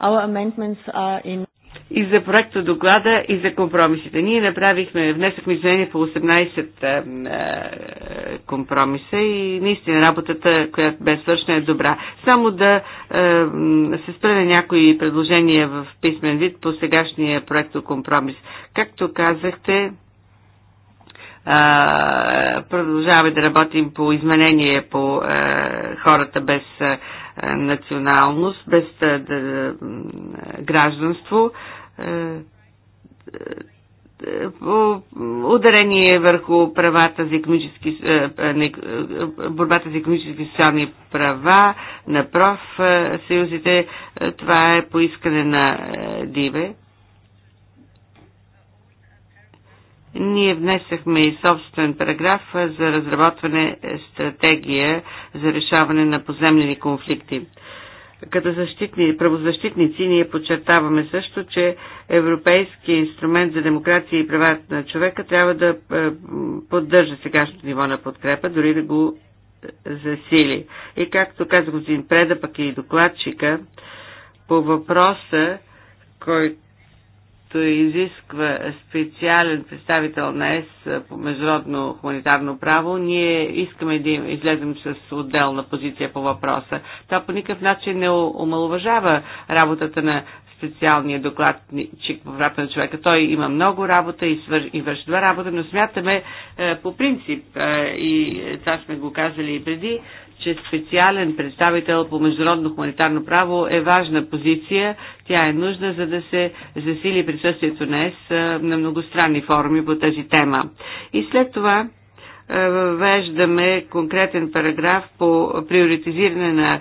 Our amendments are in и за проекта доклада и за компромисите. Ние направихме, внесохме изменения по 18 е, е, компромиса и наистина работата, която бе свършена е добра. Само да е, се спра някои предложения в писмен вид по сегашния проект компромис. Както казахте, е, продължаваме да работим по изменение по е, хората без е, е, националност, без гражданство, е, е, ударение върху правата за економически, борбата за економически и социални права на профсъюзите. Това е поискане на Диве. Ние внесахме и собствен параграф за разработване стратегия за решаване на поземлени конфликти. Като защитни, правозащитници ние подчертаваме също, че Европейския инструмент за демокрация и правата на човека трябва да е, поддържа сегашното ниво на подкрепа, дори да го засили. И както каза господин Преда, пък и докладчика, по въпроса, който което изисква специален представител на ЕС по международно хуманитарно право, ние искаме да излезем с отделна позиция по въпроса. Това по никакъв начин не омалуважава работата на специалния докладчик по правата на човека. Той има много работа и, свър... и върши два работа, но смятаме е, по принцип, е, и това сме го казали и преди, че специален представител по международно хуманитарно право е важна позиция. Тя е нужна, за да се засили присъствието на ЕС на многостранни форуми по тази тема. И след това въвеждаме конкретен параграф по приоритизиране на е,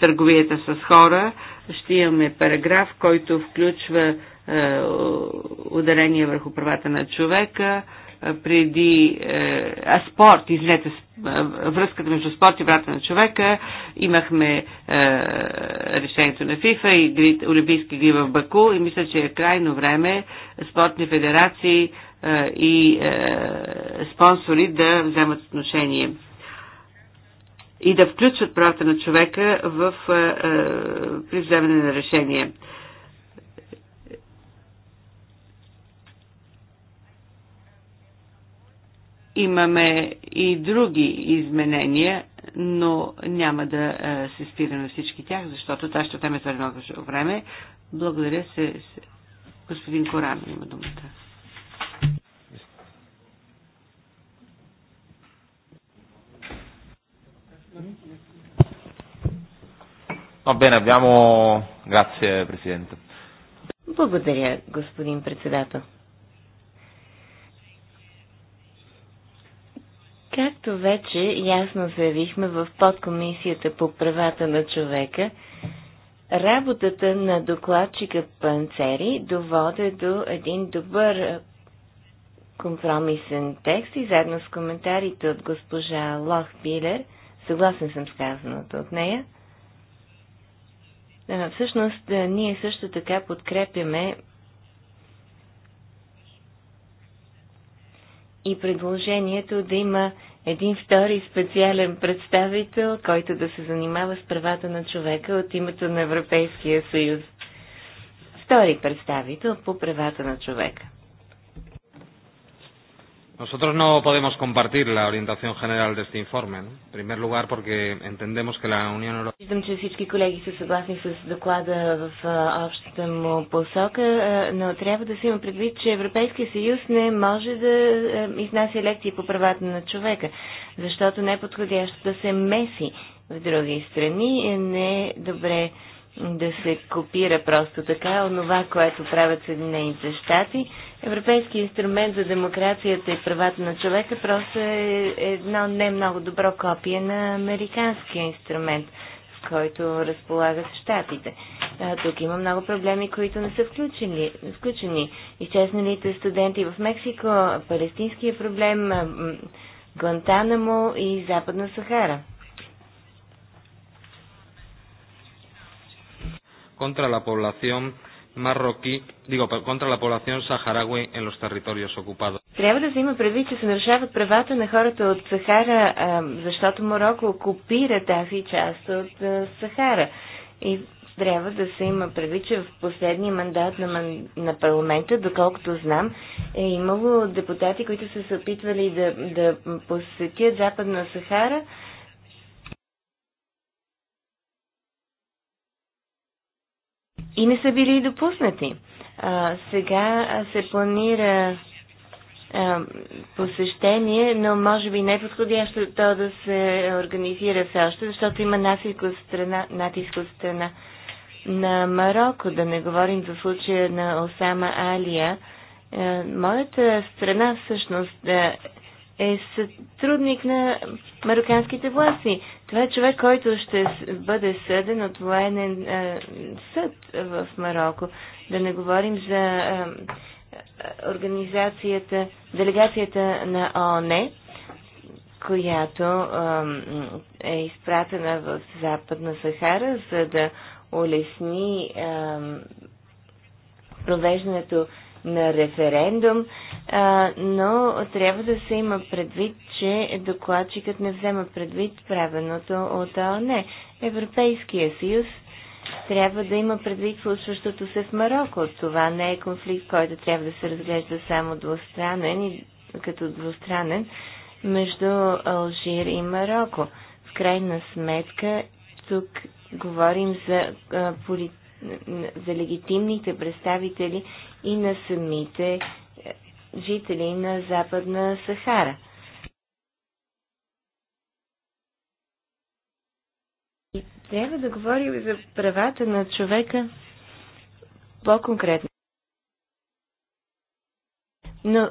търговията с хора. Ще имаме параграф, който включва е, ударение върху правата на човека, преди е, а, спорт, излете връзката между спорт и врата на човека. Имахме е, решението на ФИФА и Олимпийски гри в Баку и мисля, че е крайно време спортни федерации е, и е, спонсори да вземат отношение и да включват правата на човека в, е, е при вземане на решение. Имаме и други изменения, но няма да е, се спира на всички тях, защото това ще отнеме твърде много време. Благодаря се. Господин Коран има думата. Va bene, abbiamo... Grazie Presidente. Благодаря, господин председател. Както вече ясно заявихме в подкомисията по правата на човека, работата на докладчика Панцери доводе до един добър компромисен текст и заедно с коментарите от госпожа Лох Билер, съгласен съм с казаното от нея, всъщност ние също така подкрепяме и предложението да има един втори специален представител, който да се занимава с правата на човека от името на Европейския съюз. Втори представител по правата на човека. Nosotros no podemos compartir la orientación general de este informe. ¿no? En primer lugar, porque entendemos que la Unión Europea. Виждам, че всички колеги са съгласни с доклада в общата му посока, но трябва да се има предвид, че Европейския съюз не може да изнася лекции по правата на човека, защото не е подходящо да се меси в други страни, не е добре да се копира просто така онова, което правят Съединените щати Европейски инструмент за демокрацията и правата на човека просто е едно не много добро копие на американския инструмент, с който разполагат щатите. А, тук има много проблеми, които не са включени. включени. Изчезналите студенти в Мексико, палестинския проблем, Гуантанамо и Западна Сахара. Contra la población marroquí, digo, contra la población saharaui en los territorios ocupados. Трябва да се има предвид, че се нарушават правата на хората от Сахара, защото Марокко окупира тази част от Сахара. И трябва да се има предвид, че в последния мандат на, на парламента, доколкото знам, е имало депутати, които са се опитвали да, да посетят Западна Сахара, и не са били допуснати. А, сега се планира а, посещение, но може би не е подходящо то да се организира все още, защото има натиск от страна, натиск от страна на Марокко, да не говорим за случая на Осама Алия. Е, моята страна всъщност е сътрудник на мароканските власти. Това е човек, който ще бъде съден от военен е, съд в Марокко. Да не говорим за е, организацията, делегацията на ОНЕ, която е, е изпратена в Западна Сахара, за да улесни е, провеждането на референдум, а, но трябва да се има предвид, че докладчикът не взема предвид правеното от ООН. Европейския съюз трябва да има предвид случващото се в Марокко. Това не е конфликт, който трябва да се разглежда само двустранен и като двустранен между Алжир и Марокко. В крайна сметка тук говорим за, а, поли... за легитимните представители и на самите е, жители на Западна Сахара. И трябва да говорим за правата на човека по-конкретно. Но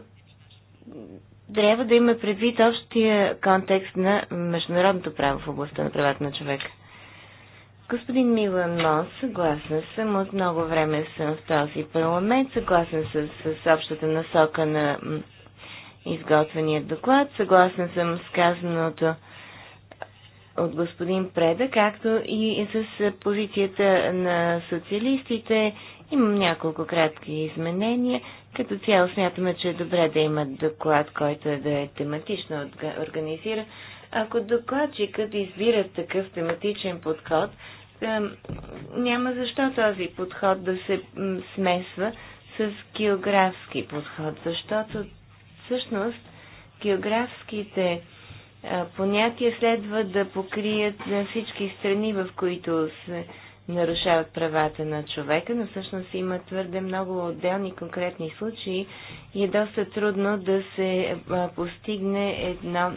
трябва да има предвид общия контекст на международното право в областта на правата на човека. Господин Милан Мон, съгласна съм. От много време съм в този парламент. Съгласна съм с, с общата насока на изготвения доклад. Съгласна съм с казаното от господин Преда, както и с позицията на социалистите. Имам няколко кратки изменения. Като цяло смятаме, че е добре да има доклад, който е да е тематично организиран. Ако докладчикът избира такъв тематичен подход, няма защо този подход да се смесва с географски подход, защото всъщност географските понятия следва да покрият всички страни, в които се нарушават правата на човека, но всъщност има твърде много отделни конкретни случаи и е доста трудно да се постигне едно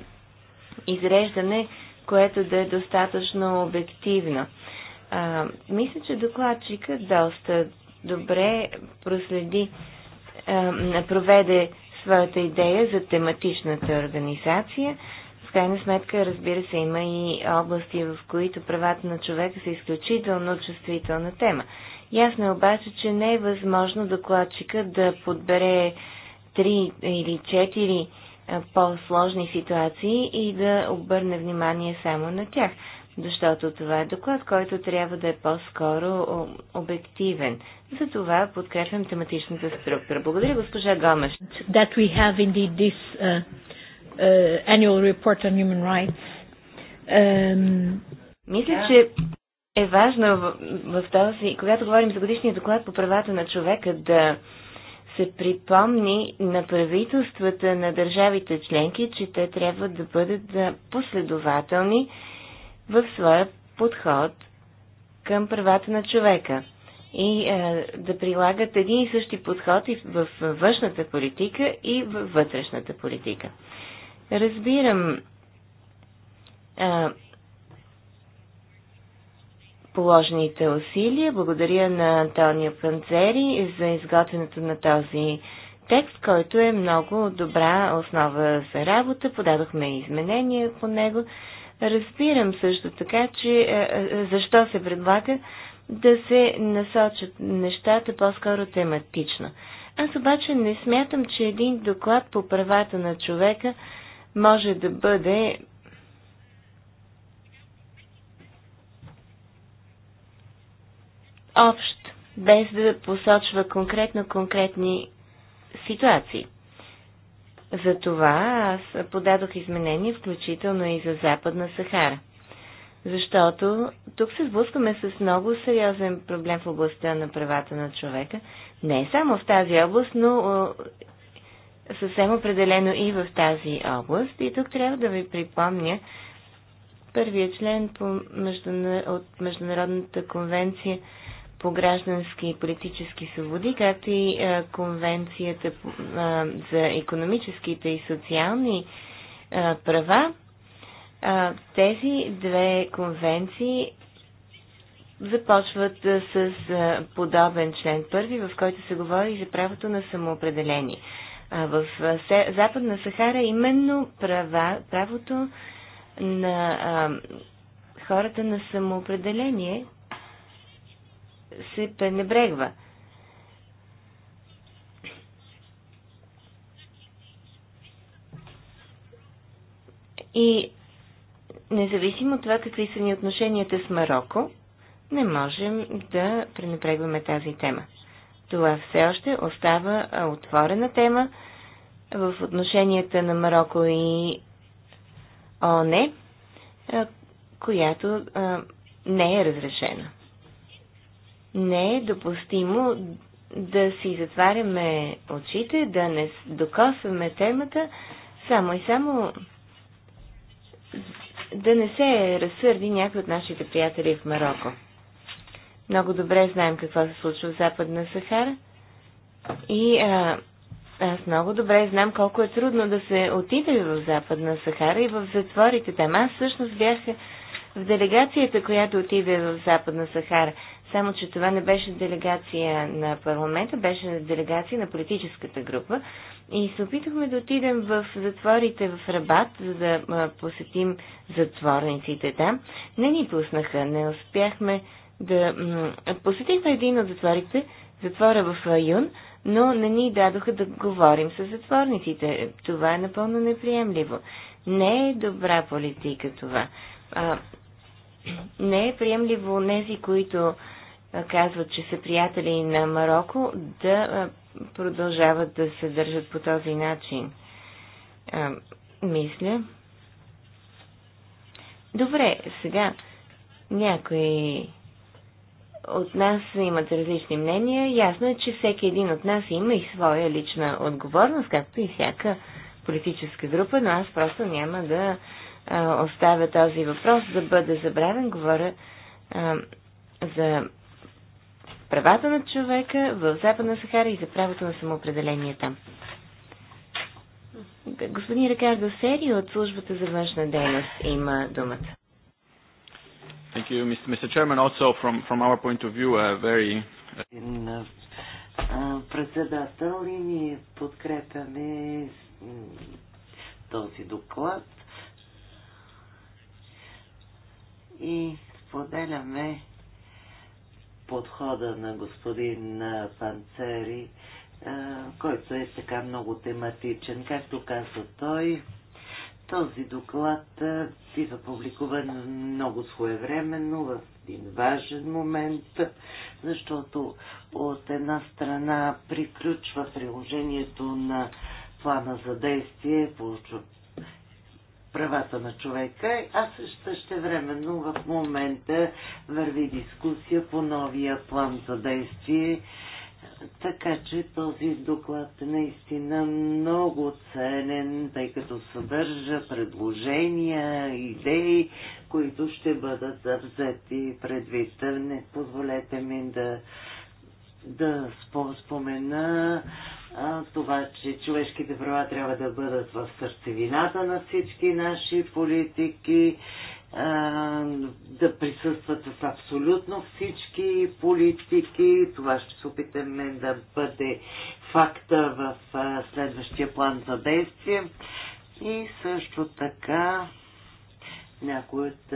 изреждане, което да е достатъчно обективно. А, мисля, че докладчика доста добре проследи, а, проведе своята идея за тематичната организация. В крайна сметка, разбира се, има и области, в които правата на човека са изключително чувствителна тема. Ясно е обаче, че не е възможно докладчика да подбере три или четири по-сложни ситуации и да обърне внимание само на тях защото това е доклад, който трябва да е по-скоро обективен. За това подкрепям тематичната структура. Благодаря, госпожа Гомеш. That we have indeed this uh, uh, annual report on human rights. Um... Мисля, че е важно в, в този, когато говорим за годишния доклад по правата на човека, да се припомни на правителствата на държавите членки, че те трябва да бъдат последователни в своя подход към правата на човека и е, да прилагат един и същи подход и в външната политика и в вътрешната политика. Разбирам е, положените усилия. Благодаря на Антонио Панцери за изготвянето на този текст, който е много добра основа за работа. Подадохме изменения по него. Разбирам също така, че е, е, защо се предлага да се насочат нещата по-скоро тематично. Аз обаче не смятам, че един доклад по правата на човека може да бъде общ, без да посочва конкретно конкретни ситуации. За това аз подадох изменения, включително и за Западна Сахара. Защото тук се сблъскваме с много сериозен проблем в областта на правата на човека. Не само в тази област, но съвсем определено и в тази област. И тук трябва да ви припомня първия член по междуна... от Международната конвенция по граждански и политически свободи, както и а, Конвенцията а, за економическите и социални а, права. А, тези две конвенции започват с подобен член първи, в който се говори за правото на самоопределение. В Западна Сахара именно права, правото на хората на самоопределение се пренебрегва. И независимо от това какви са ни отношенията с Марокко, не можем да пренебрегваме тази тема. Това все още остава отворена тема в отношенията на Марокко и ОНЕ, която не е разрешена не е допустимо да си затваряме очите, да не докосваме темата, само и само да не се разсърди някой от нашите приятели в Марокко. Много добре знаем какво се случва в Западна Сахара и а, аз много добре знам колко е трудно да се отиде в Западна Сахара и в затворите там. Аз всъщност бях в делегацията, която отиде в Западна Сахара. Само, че това не беше делегация на парламента, беше делегация на политическата група. И се опитахме да отидем в затворите в Рабат, за да посетим затворниците там. Не ни пуснаха, не успяхме да... Посетихме един от затворите, затвора в Аюн, но не ни дадоха да говорим с затворниците. Това е напълно неприемливо. Не е добра политика това. А, не е приемливо нези, които казват, че са приятели на Марокко, да продължават да се държат по този начин. Мисля. Добре, сега някои от нас имат различни мнения. Ясно е, че всеки един от нас има и своя лична отговорност, както и всяка политическа група, но аз просто няма да оставя този въпрос да бъде забравен. Говоря за правата на човека в Западна Сахара и за правото на самоопределение там. Господин Рекардо Сери от службата за външна дейност има думата. Thank you, Mr. Chairman. Also from, from our point of view, a very... Председател и ние подкрепяме този доклад и споделяме подхода на господин Панцери, който е така много тематичен. Както каза той, този доклад бива публикуван много своевременно, в един важен момент, защото от една страна приключва приложението на плана за действие по правата на човека, а също ще в момента върви дискусия по новия план за действие, така че този доклад е наистина много ценен, тъй като съдържа предложения, идеи, които ще бъдат взети предвид. Не позволете ми да, да спомена това, че човешките права трябва да бъдат в сърцевината на всички наши политики, да присъстват в абсолютно всички политики. Това ще се опитаме да бъде факта в следващия план за действие. И също така някои от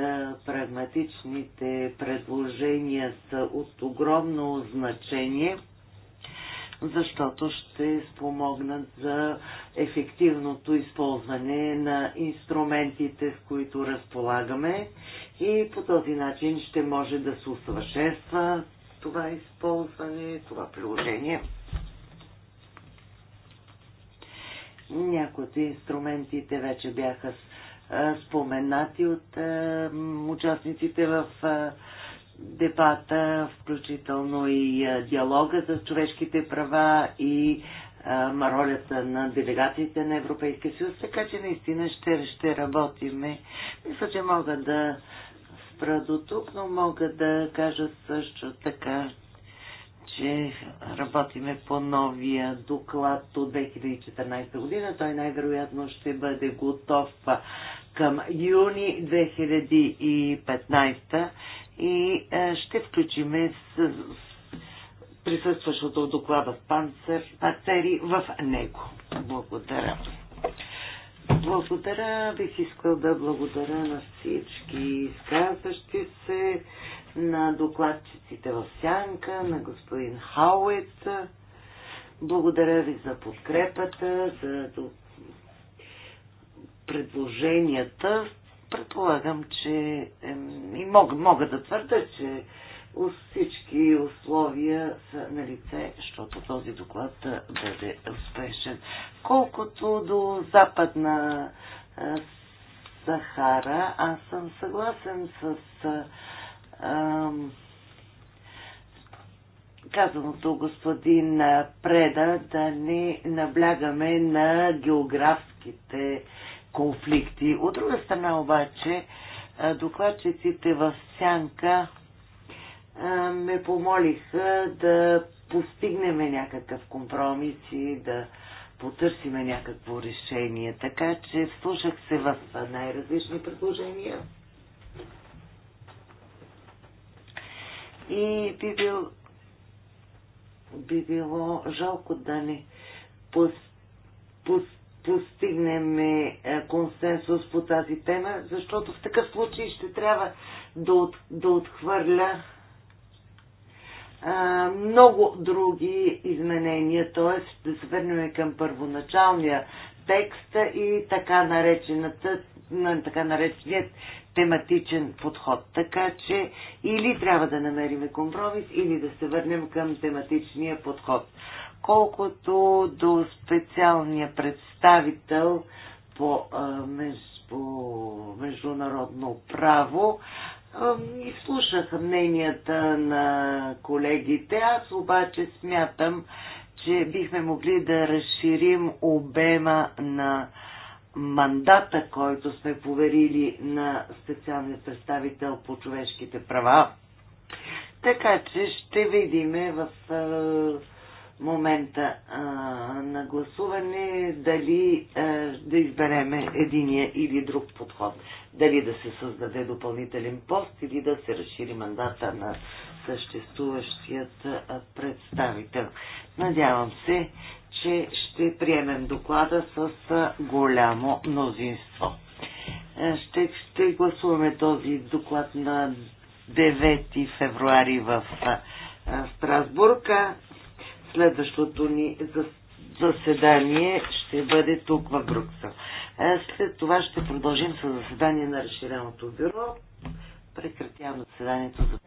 прагматичните предложения са от огромно значение – защото ще спомогнат за ефективното използване на инструментите, с които разполагаме и по този начин ще може да се усъвършенства това използване, това приложение. Някои от инструментите вече бяха споменати от участниците в дебата, включително и диалога за човешките права и ролята на делегациите на Европейския съюз, така че наистина ще, ще работиме. Мисля, че мога да спра до тук, но мога да кажа също така, че работиме по новия доклад от 2014 година. Той най-вероятно ще бъде готов към юни 2015 и е, ще включиме с присъстващото доклада Панцер, Пацери в него. Благодаря. Благодаря, бих искал да благодаря на всички изказващи се, на докладчиците в Сянка, на господин Хаует. Благодаря ви за подкрепата, за предложенията. Предполагам, че и мога, мога да твърда, че всички условия са на лице, защото този доклад да бъде успешен. Колкото до Западна Сахара, аз съм съгласен с ам, казаното господин Преда да не наблягаме на географските конфликти. От друга страна обаче, докладчиците в Сянка ме помолиха да постигнем някакъв компромис и да потърсиме някакво решение. Така че слушах се в най-различни предложения. И би, бил, би било жалко да не пос, пос, постигнем е, е, консенсус по тази тема, защото в такъв случай ще трябва да, от, да отхвърля а, много други изменения, т.е. да се върнем към първоначалния текст и така наречената на така нареченият тематичен подход. Така че или трябва да намерим компромис, или да се върнем към тематичния подход. Колкото до специалния представител по, по международно право, слушах мненията на колегите. Аз обаче смятам, че бихме могли да разширим обема на мандата, който сме поверили на специалния представител по човешките права. Така че ще видиме в момента а, на гласуване дали а, да избереме единия или друг подход. Дали да се създаде допълнителен пост или да се разшири мандата на съществуващият а, представител. Надявам се, че ще приемем доклада с а, голямо мнозинство. А, ще, ще гласуваме този доклад на 9 февруари в а, Страсбург. Следващото ни заседание ще бъде тук в Брукса. Е, след това ще продължим с заседание на разширеното бюро. Прекратявам заседанието за